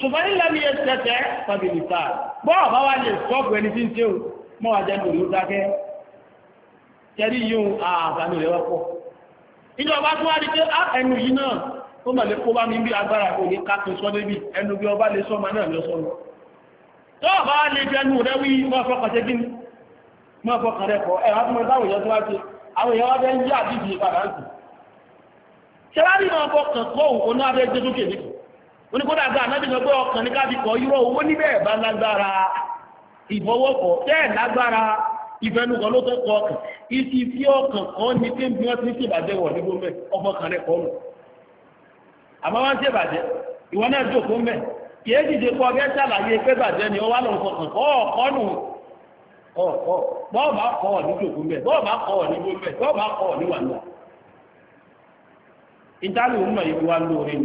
ṣùgbọ́n nílẹ̀ mi yẹ tẹ̀tẹ̀ tàbí nìta bọ́ ọ̀bá wa lè sọ́ọ̀bù ẹni tí ń ṣe o mọ́ wa jẹ́ lórí ó dákẹ́ tẹ̀rí yóò àbámi rẹ̀ wọ́pọ̀ inú ọba tó wá di pé ẹnu yìí náà ó mọ̀ lè kó bá mi bí agbára kò ní ká tó sọ débi ẹnu bí ọba lè sọ́ọ̀mà náà lọ sọ́ọ̀rọ̀ tó ọba wa lè jẹnu rẹ wí mọ́ fọkàn ṣe gíní mọ́ fọkàn rẹ kọ ẹ̀ wá fún mi táwọn èèyàn tó wá ṣe àwọn èèyàn wá wọ́n ní kó dàgbà anábì ọkàn ní káfí kọ irọ́ owó níbẹ̀ bá lágbára ìfọwọ́kọ̀ tẹ́ẹ̀ lágbára ìfẹnukọ ló tó kọ ọkàn ọkàn ni pé bí wọ́n ti ń ṣèbàjẹ́ wọ̀ ní gómẹ̀ rẹ̀ kọ́ àmọ́ wọ́n ń ṣèbàjẹ́ ìwọ náà mẹ́ kì í dìde kọ́ ọgẹ́ ṣàlàyé pé bàjẹ́ ni ọwá lọ́wọ́ kọ̀ọ̀kan kọ́ ọ̀kọ́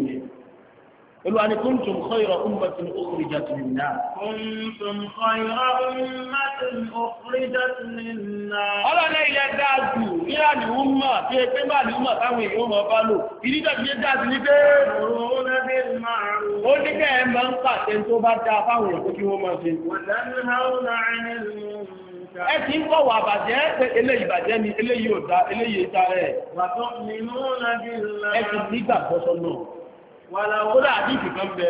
olùwà ni kuntum khayra ummatin ukhrijat lin-nas. kuntum khayra ummatin ukhrijat lin-nas. ọlọ́dẹ ilẹ̀ dáàbù nílà ní umma tí ẹgbẹ́ bá ní umma táwọn èèyàn máa bá lò ìdí tó fi dáàbù ní pé. ó ní kẹ́ ẹ máa ń pàṣẹ tó bá dáa fáwọn èèyàn tó kí wọ́n máa ṣe. ẹ ti ń kọ̀ wà bàjẹ́ pé eléyìí bàjẹ́ ni eléyìí ò da eléyìí ta ẹ̀. wà á tó nínú wàhálà owó náà àdìsí kan bẹ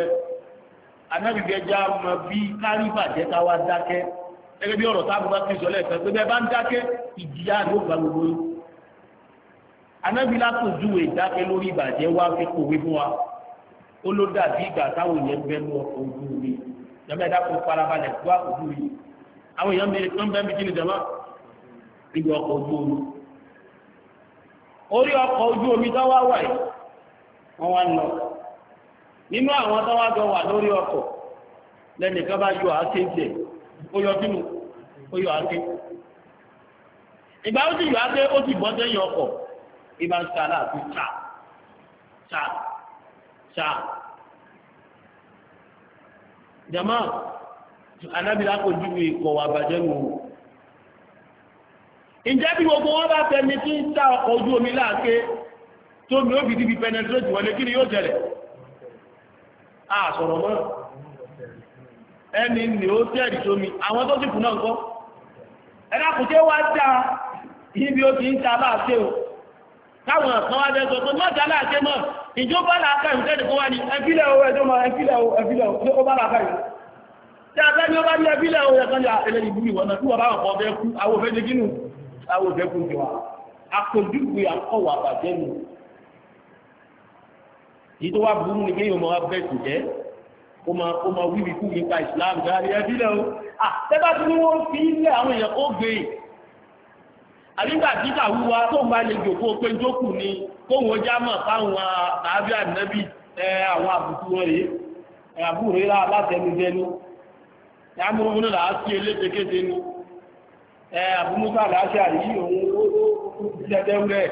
anábìbẹ́já mọ bí kárí bàjẹ́ káwá dákẹ́ gẹ́gẹ́ bí ọ̀rọ̀ táàbù bá ti sọ lẹ́ẹ̀kan pé bẹ́ẹ̀ bá ń dákẹ́ ìjìyà ló gba gbogbo yìí anábìlá kò júwe ìdákẹ́ lórí ìbàjẹ́ wá fi kòwé fún wa ó ló dàbí ìgbà táwọn èèyàn bẹ́ẹ̀ lọ ojú mi jẹ́mẹ́ dákọ̀ farabalẹ̀ tó àkójú yìí àwọn èèyàn mi tó ń bẹ́ẹ̀ mi kí ni jẹ́mọ́ ibi ọkọ̀ ojú omi orí ọkọ̀ ojú omi tó wá wà yìí wọ́n wá ń lọ nínú àwọn tó wá jọ wà lórí ọkọ̀ lẹ́nìkan bá yọ àáké jẹ ó yọ sínú ó yọ àáké ìgbà ó sì yọ àáké ó sì bọ́ sẹ́yìn ọkọ̀ ìbá ń sàlá àti sà sà sà jama anábìlá kò ju ìkọ̀ wà bàjẹ́ nù ǹjẹ́ bí gbogbo wọn bá fẹ́ ni tí ń ta ọkọ̀ ojú omi láàké tómi ó fi ti fi penetrate wọlé kí ni yóò tẹ̀lẹ̀ àṣọ̀rọ̀ mọ́ ẹni ni ó tẹ́rì sómi àwọn tó sì kù náà kọ́ ẹ̀dàkùn tí ó wá dá ibi ó ti ń ta aláàṣẹ o táwọn kan wá bẹ́ẹ̀ sọ pé mọ́ta aláàṣẹ mọ́ ìjọba làákà ìrùkẹ́ nìkan wá ní ẹbílẹ̀ o ẹjọ́ mọ́ ẹbílẹ̀ o ẹbílẹ̀ o ó bá làákà yìí tí a fẹ́ ní ó bá ní ẹbílẹ̀ o ẹ̀kan ní ẹlẹ́ni ìbú ìwọ̀n náà tí wọ́n bá wọn kọ́ fẹ́ kú àwọn òfẹ́ yìí tó wá burú ni kéèyàn máa bẹ̀ kù jẹ́ kó máa kó máa wíwí kú nípa ìsìláàmù dárí ẹbí lẹ o à tẹ́gbà tí wọ́n fi ilé àwọn èèyàn kó gbé e àbígbà tí kàwúwa tó ń bá lè jòkó pé jókù ni kóhùn ó já mọ̀ fáwọn àbí ànábì ẹ àwọn àbùkù wọn rèé àbúrò rèé látẹnudẹnu yàmúrú múnú làá sí elétekéte ni ẹ àbúmúsà làá ṣe àríyí òun ó ó ó ti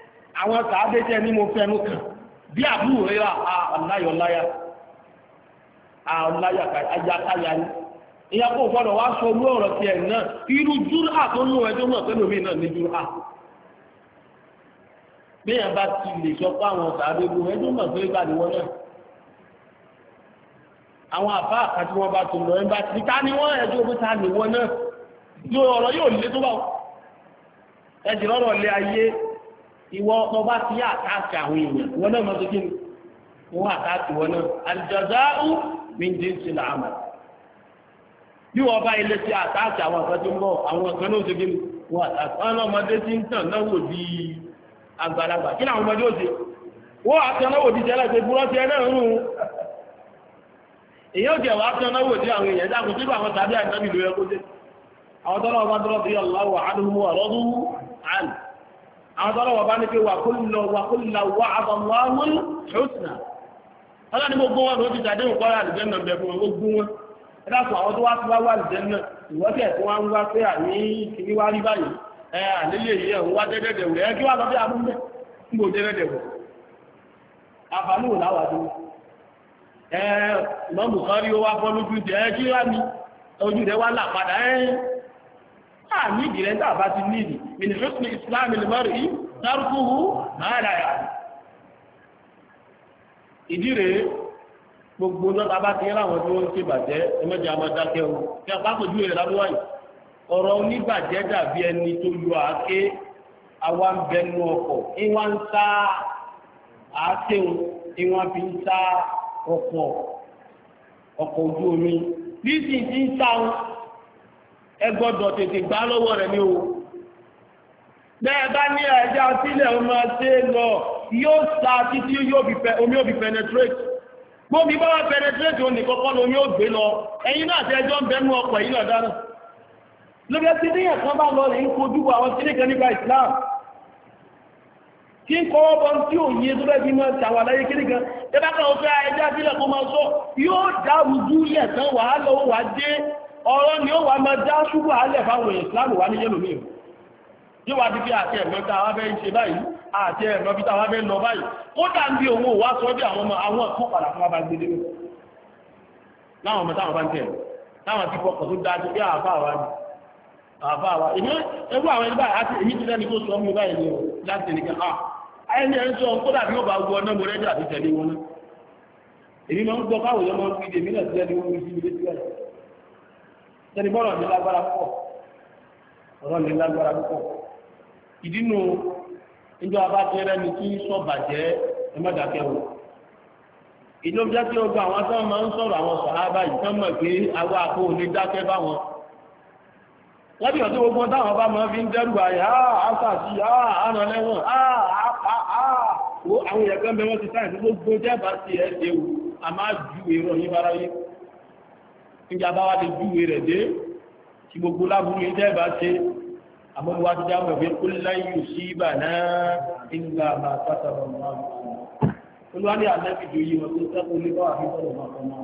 àwọn sàábé jẹ́ ní mo fẹ́nu kàn bí àbúrò rẹ̀ à ah, ọ̀láyọ̀láyà à ọ̀láyà ajákáyà ah, ni ìyá kò gbọ́dọ̀ wá sọ orú ọ̀rọ̀ tiẹ̀ náà irú júrà tó lò ẹjọ́ mọ̀ pé lómi náà ní júrà bí yẹn bá ti lè sọ pé àwọn sàábé gbogbo ẹjọ́ mọ̀ pé gbà ní wọn náà àwọn àbá àkàtí wọn bá tó lọ ẹ bá ti ta ni wọn ẹjọ́ pé ta ni wọn náà yóò ọ̀rọ̀ yóò lé tó bá ẹ̀jẹ̀ lọ́rọ̀ lé ayé ìwọ ọkọ bá ti yá àtàkì àwọn èèyàn wọn náà máa tókè wọn àtàkì wọn náà àjọzáù méjì ń ṣe làámà bí wọn bá ilé ṣe àtàkì àwọn àgbà tó ń bọ àwọn ọ̀kan náà tókè wọn àtàkì wọn náà ọmọdé ti ń tàn náà wò di àgbàlagbà kí làwọn ọmọdé ó ṣe wọn àti ọ̀nà di jẹ́lá ṣe búrọ́ ti ẹ náà èyí ò jẹ́ wàá fi ọ̀nà wò di àwọn èèyàn àwọn tọ́lọ́wọ̀ bá ní pé wà kúlọ̀ wà kúlọ̀ wà àbọ̀láwọ̀n ṣùsùnà ọlá ní gbogbo wọn ló ti tàdé òkọ́rọ̀ àlùjẹ́nà bẹ̀rẹ̀ gbogbo wọn ẹ̀dàkùn àwọn tó wá sí wá wà ìwọ́tẹ̀ tó wá ń wá pé àní báyìí ẹ̀ ó wá táà ní ìdìrẹ́ táà bá ti níìdì min husni islam al-mar'i tarkuhu ma la ya'ni ìdí rèé gbogbo náà bá ti ráwọn tí wọ́n ń ṣe bàjẹ́ ẹmọ́jà amádákẹ́ o kí apákojú rẹ̀ lábúwáyì ọ̀rọ̀ oníbàjẹ́ dàbí ẹni tó yọ àáké awa ń bẹnu ọkọ̀ ìwọ́n ń sá àáké o ìwọ́n fi ń sá ọkọ̀ ọkọ̀ ojú omi bí ti ń sá o ẹ gbọ́dọ̀ tètè gbá lọ́wọ́ rẹ̀ ní o bẹ́ẹ̀ bá ní ẹja sílẹ̀ ọmọ ṣe lọ yóò sa títí omi òbí penetrate gbómi bá wá penetrate òun nìkan kọ́ lómi ó gbé lọ ẹ̀yin náà tẹ́ ẹjọ́ ń bẹnu ọkọ̀ yìí náà dáná lóbi ẹtí níyàn kan bá lọ rẹ̀ ń kojú àwọn sílẹ̀ kan nípa Islam kí n kọ́ ọbọ̀ tí ò yé tó bẹ́ẹ̀ bí mọ́ ṣàwọn aláyé kéré kan ẹ bá kàn ó fẹ́ ẹja sílẹ̀ kó máa sọ yóò dá rújú yẹ̀ tán wàá lọ́wọ́ wàá dé ọ̀rọ̀ ni ó wà máa dá ṣubú alẹ́ fáwọn ìsìláàmù wà ní yẹ́lòmí o yóò wá di àti ẹ̀mọ́ tá a wá fẹ́ ń ṣe báyìí àti ẹ̀mọ́ bí a fẹ́ ń lọ báyìí ó sọ bí àwọn ọmọ wa bá gbé délé láwọn ti fọkàn tó dájú awa àáfà wa ni àáfà wa èmi ẹgbẹ́ àwọn ẹni báyìí àti máa ń gbọ́ tẹ́lẹ̀ bọ́rọ̀ mi lágbára púpọ̀ ọ̀rọ̀ mi lágbára púpọ̀ ìdínú ìjọ abájẹ́rẹ́ ni kí sọ̀bàjẹ́ ẹ má ìjọ bí jákè ogun àwọn tó máa ń sọ̀rọ̀ àwọn sàhábà yìí tán mọ̀ pé àwọn àpò ò ní dákẹ́ táwọn bá máa fi ń dẹ́rù àyà àṣàṣì àánà lẹ́wọ̀n àwọn bẹ wọ́n ti gbogbo jẹ́ bá ti ẹ̀ ṣe wò a níjà bá wá lè júwe rẹ̀ dé tí gbogbo láburú yìí dẹ́ẹ̀bá ṣe àmọ́bí wá ti dá mọ̀ pé kó láyò sí ibà náà ìgbà máa pátá ọmọ àwọn olùwárí ànábì jò yí wọn tó sẹ́kù lé bá wà fún ọ̀rọ̀ máa fọmọ.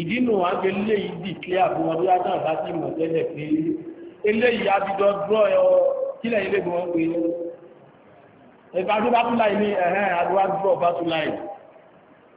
ìdí nù wá gbé léyìí dì kílẹ̀ àbúrò wọn bóyá náà bá sì mọ̀ tẹ́lẹ̀ pé eléyìí abidọ dúró ẹ ọ kílẹ̀ ilé gbọ́n pé ẹ bá tó bá tún láì ní ẹ̀hẹ́n àdúrà dúró bá tún láì ní.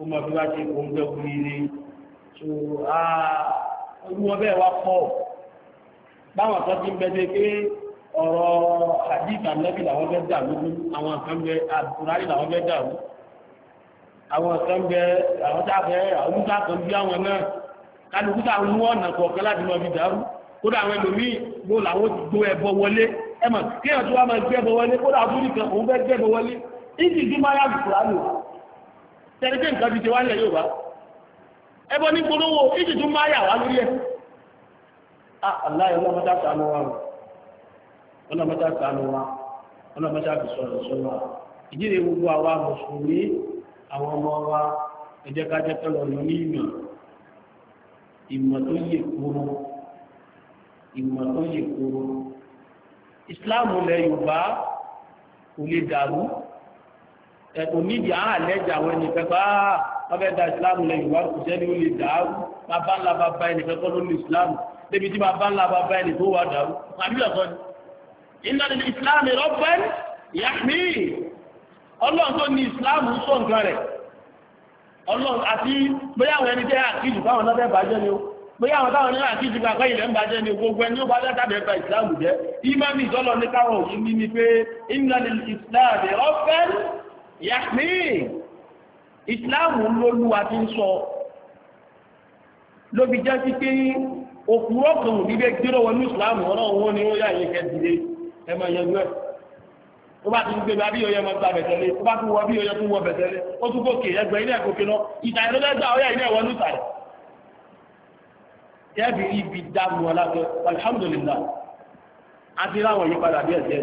kó máa fi wá ṣe kó ń gbẹ́ kú ire tó ọdún wọn bẹ́ẹ̀ wá pọ̀ báwọn kan ti ń bẹ́ẹ̀ pé ọ̀rọ̀ hadith ànábì làwọn fẹ́ dà lójú àwọn kan bẹ àbúráyì làwọn fẹ́ dà àwọn kan àwọn tá a fẹ́ àwọn tá a kàn bí àwọn náà kálukú tá a mú ọ̀nà kọ̀ọ̀kan láti máa fi dàrú kódà àwọn ẹlòmíì ló làwọn ti gbó ẹbọ wọlé ẹ mọ̀ kéèyàn tó wá máa gbé ẹbọ wọlé kódà àbúrò kan òun fẹ́ gbé ẹbọ wọlé ìdí ìdí máa tẹ̀lé pé nǹkan fi ti wá nílẹ̀ yóò bá ẹbọ ní polówó ìṣì tún máa yà wá lórí ẹ̀ aláì ọlọ́mọdá sànú wa ọlọ́mọdá sànú wa ọlọ́mọdá fi sọ̀rọ̀ sọ́nà ìdílé gbogbo àwa mùsùlùmí àwọn ọmọ wa ẹ ní ìmọ̀ ìmọ̀ tó yẹ kúrò ìmọ̀ tó yẹ kúrò ìsìláàmù lẹ kò lè dàrú ẹ̀kùn nídìí àwọn àlẹ́jà àwọn ẹnìkan bá ah, ọbẹ̀ da ìsìláàmù lẹ́yìn wá kùsẹ́ ni ó lè dàrú bàbá ńlá bàbá ẹnìkan kọ́ ló ní ìsìláàmù débi tí bàbá ńlá bàbá ẹnì tó wà dàrú àbí ọ̀sán ni iná ní ìsìláàmù rọ́pẹ́ yàmí ọlọ́run tó ní ìsìláàmù sọ nǹkan rẹ̀ ọlọ́run àti bóyá àwọn ẹni jẹ́ àkíjù báwọn náà fẹ́ bàjẹ́ ni ó bóyá àwọn táwọn náà àkíjù kàkọ́ ilẹ̀ ń bàjẹ́ ni gbogbo ẹni ó bá dá tàbí ẹ̀ka ìsìláàmù jẹ́ ìmọ̀ mi ìjọ́lọ́ ní káwọn òyìn ní ni pé iná ní ìsìláàmù rọ́pẹ́ yàmí ìsìláàmù lóluwa ti ń sọ lóbi já sí pé òkúrọ̀ kan ò bíbẹ́ gbérò wọnú ìsìláàmù ọlọ́run wọn ni ó yà yẹ kẹ́ dìde ẹ máa yẹ lọ́ẹ̀ tó bá ti ń gbé bá bí oyè máa gba bẹ̀tẹ̀lé tó bá tún wọ bí oyè tún wọ bẹ̀tẹ̀lé ó tún gòkè ẹgbẹ́ ilé ẹ̀kọ́ kéná ìtàn ìrọ́lẹ́gbà ọ̀yà ilé ẹ̀wọ̀n ní ìtàn yẹ́bi ibi alhamdulillah àti láwọn yípadà bí ẹ̀jẹ̀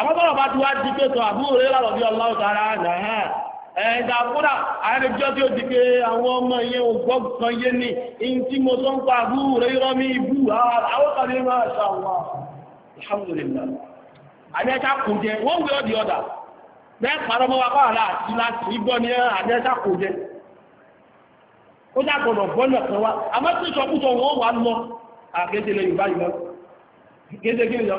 àbábọ̀rọ̀ bá ti wá di pé sọ àbúrò rẹ̀ lọ́rọ̀ bí ọlọ́run tara náà ẹ̀ẹ́dà kúrà àrẹ́jọ́ tí ó di pé àwọn ọmọ yẹn ò gbọ́ kan yé ní in tí mo tó ń pa àbúrò rẹ̀ rọ́ mí ibú àwọn kan ní máa ṣàwọn alhamdulillah àdẹ́ta kò jẹ wọ́n wí ọ́ di ọ̀dà bẹ́ẹ̀ parọ́ mọ́ wa kọ́ àrà àti láti ìgbọ́ ní àdẹ́ta kò jẹ ó dàgbọ̀dọ̀ bọ́ọ̀lù kan wa àmọ́ tí ìṣọ́kúsọ wọn wà lọ àkéjele yorùbá yìí lọ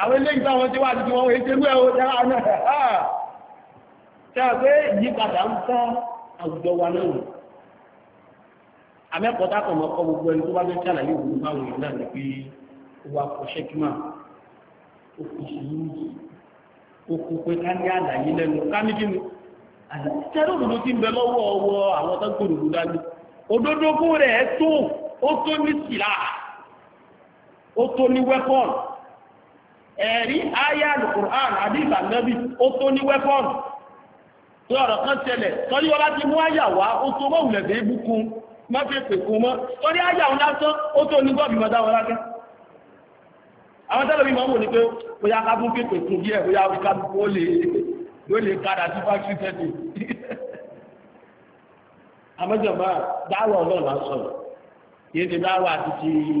àwọn ilé ìgbà wọn ti wà títí wọn èé tẹ́lú ẹ̀wọ̀ dára náà ṣe àpé yípadà ń tọ́ àwùjọ wa náà nù amẹ́kọ̀ọ́ta kan mọ́kọ́ gbogbo ẹni tó bá fẹ́ ṣàlàyé òun báwọn èèyàn náà ní pé wà kò ṣẹ́kímà ó kò sí yìí ó kò pé ká ní àlàyé lẹ́nu ká ní kíni àlàyé tẹ́lú òdodo ti ń bẹ lọ́wọ́ ọwọ́ àwọn tó gbòdòdó dání òdodo kó rẹ̀ tó ó tó ní sìlá ó tó ní wẹ́pọ̀n ẹ̀rí àyà alukur'an àdìs ànábì ó tó ní wẹ́pọ̀nù tó ọ̀rọ̀ kan ṣẹlẹ̀ sọ́yí ọlá ti mú àyà wá ó tó mọ́ òwúlẹ̀ dé búkún kún mọ́ sọ́rí àyà òun lásán ó tó ní gọ́ọ̀bì mọ́dá wọn àwọn tẹ́lẹ̀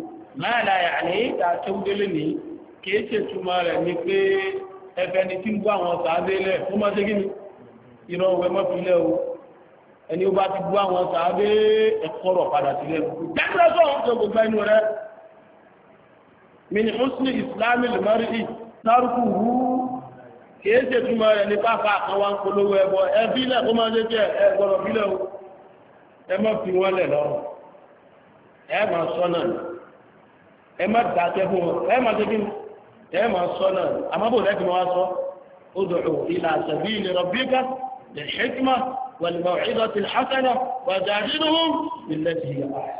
máa láyà ní ìta tó gbélé ní kìí ṣe túmọ̀ rẹ̀ ní pé ẹfẹ́ ni tí ń gbọ́ àwọn sàábé lẹ̀ fún mọ́ sí gíní ìran òwe mọ́ fi lẹ́ o ẹni ó bá ti gbọ́ àwọn sàábé ẹ̀kọ́rọ̀ padà sílẹ̀ dákúrọ́sọ̀ tó gbogbo ẹnu rẹ̀ min husni islami limari taruku hu kìí ṣe túmọ̀ rẹ̀ ní pápá kan wá ń polówó ẹbọ ẹ fílẹ̀ kó máa ṣe jẹ́ ẹ gbọ́dọ̀ fílẹ̀ o ẹ mọ́ fi wọ́n lẹ̀ lọ́rùn ẹ ẹ má dàkẹ́ fún wọn ẹ má dégé ẹ má sọ náà àmọ́ bò lẹ́kìn wá sọ ud'u ila sabili rabbika bil hikma wal maw'izati al ti wajadilhum billati hiya ahsan.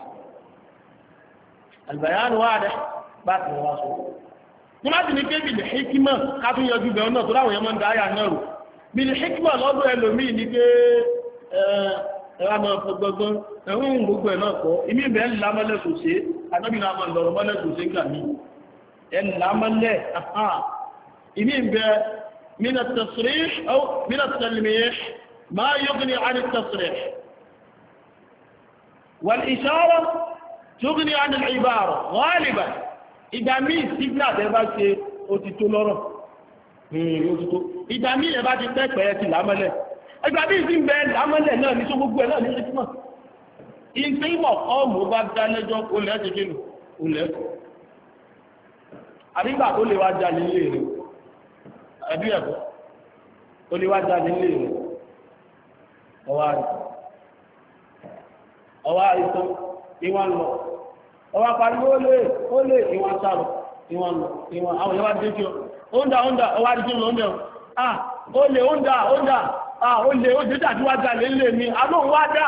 al-bayan wadah bá ti wá sọ. wọ́n láti ní kébì lè hikima ká tún yọjú bẹ̀rẹ̀ náà tó láwọn yẹn máa ń da àyà náà rò bí lè hikima lọ́dọ̀ ẹlòmíì ní pé ẹ̀rọ àmọ́ gbọgbọ́n ẹ̀rọ ń gbogbo ẹ̀ náà kọ́ ìmí bẹ́ẹ̀ ń lamọ́lẹ̀ kò ṣeé anábìnrin àmọ́ ìlọ̀rọ̀ mọ́lẹ̀ kò sí gbà mí ẹ̀nà mọ́lẹ̀ àhá ìní ìbẹ̀ mínà tẹ̀sírí ọ́ mínà tẹ̀lẹ̀mìyẹ máa yọ́gìnì àní tẹ̀sírí wal ìṣàrọ̀ tógìnì àní ìbàrọ̀ wọ́ọ̀lìbà ìgbà míì sígbà tẹ́ bá ṣe òtítọ́ lọ́rọ̀ hmm, ìgbà míì ẹ bá tẹ́ pẹ̀ẹ́ ti làmọ́lẹ̀ ìgbà míì sí ń bẹ náà ní tó ẹ̀ náà ní ṣe túmọ̀ ìgbé ìmọ̀ ọmọ bá dá lẹ́jọ́ olè ti nù olè kù àbígbà ó lè wá já nílé rẹ̀ ẹbí ẹ̀kọ́ ó lè wá já nílé rẹ̀ ọwá rẹ̀ ọwá ìwọ̀n lọ ọwá ó lè ó lè ìwọ̀n sáró ah ó lè ah ó lè ó dé dàbí wá já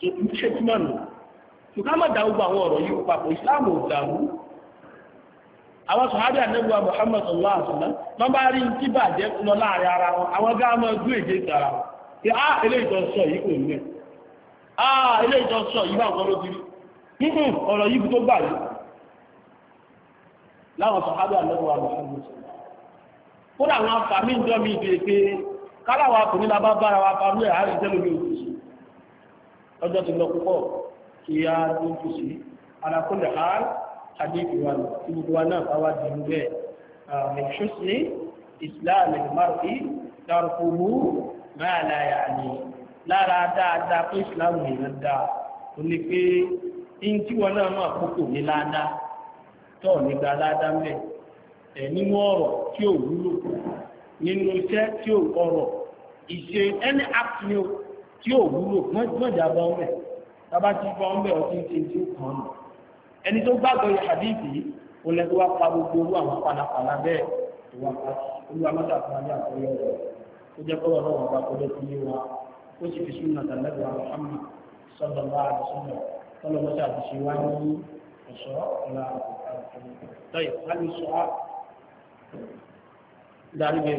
tó kú ṣètìmọ̀ nù ṣùgbọ́n má dá gbogbo àwọn ọ̀rọ̀ yìí papọ̀ Islam ò dàrú àwọn sọ̀hádà nẹ́gbà Muhammad sallallahu alaihi bá rí tí bàjẹ́ lọ láàrin ara wọn àwọn èdè pé á ilé ìjọsọ yìí kò ní á ilé ìjọsọ yìí ló nínú ọ̀rọ̀ yìí tó gbà yìí láwọn afàmì ìjọ mi ìdè pé káláwà ọjọ́ ti lọ púpọ̀ kí a tó kù sí alákùnlé ha hadith wa tí gbogbo wa náà báwa di ń bẹ́ẹ̀ mẹ̀ṣúsí islam ìmárùkì dárúkúrú máa láyà ní lára dáadáa pé islam èèyàn dá o ní pé in tí wọn náà iṣẹ́ tí ò ọ̀rọ̀ ìṣe any act tí ò wúlò mọ́jà bọ́ ń bẹ̀ bàbá ti bọ́ ń bẹ̀ ọtí ń ṣe tí ó kàn án ẹni tó gbàgbọ́ yìí hadithi ó lẹ́nu wá pa gbogbo owó àwọn panapana bẹ́ẹ̀ ìwà pàtó olúwa mọ́tà fún wa ní àkọlẹ́ ọ̀rọ̀ ó jẹ́ kọ́ ọ̀rọ̀ wọn bá kọ́lẹ́ fún yé wa ó sì fi súnmọ́ tàlẹ́gbẹ̀ wa Muhammad sọ́dọ̀ bá a súnmọ́ kọ́lọ́ mọ́tà fi ṣe wá ní ọ̀ṣọ́ ọ̀la àkọ́kọ́ tọ́yì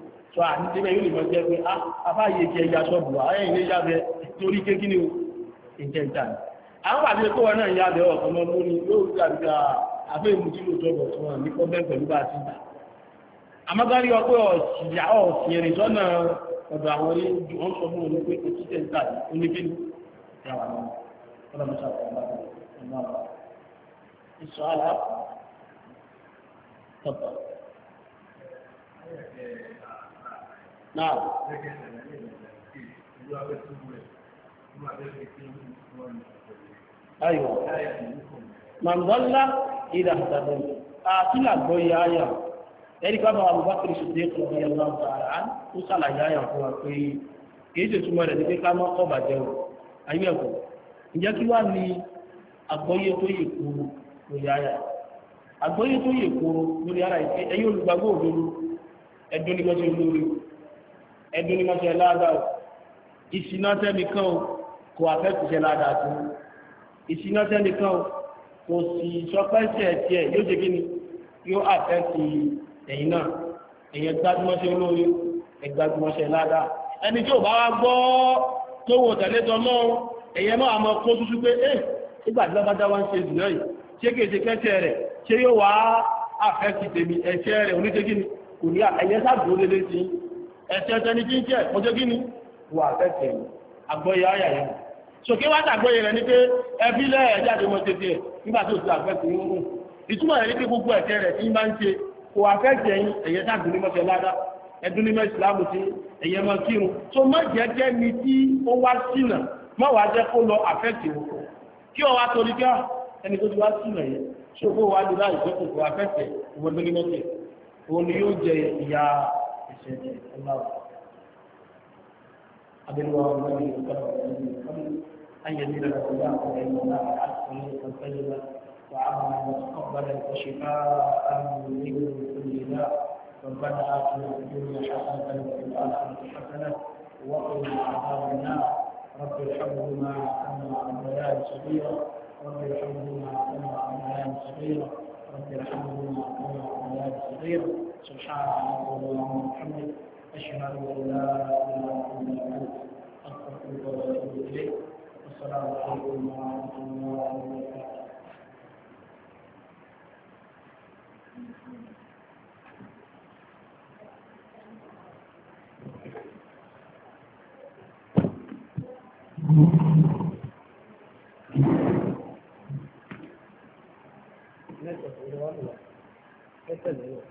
sọ àti tí bẹ́ẹ̀ yóò lè mọ́ jẹ́ pé ah, afáyé jẹ ìyá sọ́bù ayẹ́ ilé yábẹ́ torí ké kí ni ó ìjẹ́ ìjà ni àwọn àti ẹ̀kọ́ wọn náà yábẹ́ ọ̀kan mọ́ lórí yóò gbàgbà àfẹ́ ìmújú ló jọbọ̀ tí wọn ní kọ́ bẹ́ẹ̀ pẹ̀lú bá ti gbà àmọ́gárí ọpẹ́ ọ̀sìyà ọ̀sìn ẹ̀rìn sọ́nà ọ̀dọ̀ àwọn orí ju wọ́n sọ fún onípe òtítẹ̀ ń tàbí oníkíní yàwà náà ọ̀dọ̀ mọ́ta ọ̀dọ̀ ọ̀dọ̀ ìsọ̀ àlá tọ̀tọ̀. na. ayiwa mọ̀nbọ́nlá ìdá àtàdé àtúnlá gbọ́yé ayà ẹni ká bá Abubakar Siddiq kọ̀ọ̀kan yẹn lọ́wọ́ ó sàlàyé ayà fún wa kìí ṣe túmọ̀ rẹ̀ ní pé ká má kọ́ ẹ̀kọ́ kí wá ní àgbọ́yé tó lórí olùgbàgbọ́ ẹdun ni mọ́ṣẹ́ ládàá o ìṣìná tẹ́nìkan o kò àfẹ́kù ṣe ládàá tó ìṣìná tẹ́nìkan o kò sì sọpẹ́sẹ̀ tiẹ̀ yóò ṣe kíni yóò àfẹ́kù ẹ̀yìn náà èyàn gbajúmọ́ṣẹ́ olóore ẹgbajúmọ́ṣẹ́ ládàá ẹni tí ò bá wá gbọ́ tó wò tẹ̀lé tọ́ náà èyàn náà àmọ́ kó tútù pé ẹ́ eh, nígbà tí lábájá wá ń ṣe jùlọ yìí ṣé kìí ṣe rẹ̀ ṣé yóò wá àfẹ́kù tèmi ẹ̀ṣẹ́ rẹ̀ oníṣẹ́ kíni kò ní àyẹ́sàgbó lélẹ́sìn ẹ̀sẹ̀ ẹ̀sẹ̀ ní jíjẹ́ ọjọ́ gíní wà tẹ́tẹ̀ àgbọ́yé ayà yẹn ṣòkè wá tàgbọ́yé rẹ̀ ní pé ẹbí lẹ́ẹ̀ jáde mọ́ tètè ẹ̀ nígbà tó ti àfẹ́sì ń rùn ìtumọ̀ rẹ̀ ní pé gbogbo ẹ̀sẹ̀ rẹ̀ ti máa ń ṣe kò sí ẹ̀yẹ mọ́ ni tí ó wá sínà má wàá jẹ́ kó lọ àfẹ́sì wò wá torí bí ah, ẹni tó ti òun ni yóò jẹ ìyá سيدنا الله أبي الله الذي يكرم الذي أن يزيد له الله علما حسنا طيبا وعملا متقبلا وشفاء من كل داء ربنا آتنا في الدنيا حسنة وفي الآخرة حسنة وقنا عذاب النار رب ارحمهما كما ربيان صغيرا رب ارحمهما كما ربيان صغيرا رب ارحمهما كما ربيان صغيرا سبحانك اللهم محمد أشهد أن لا إله إلا أنت أستغفرك وأتوب إليك والسلام عليكم ورحمة الله وبركاته Gracias,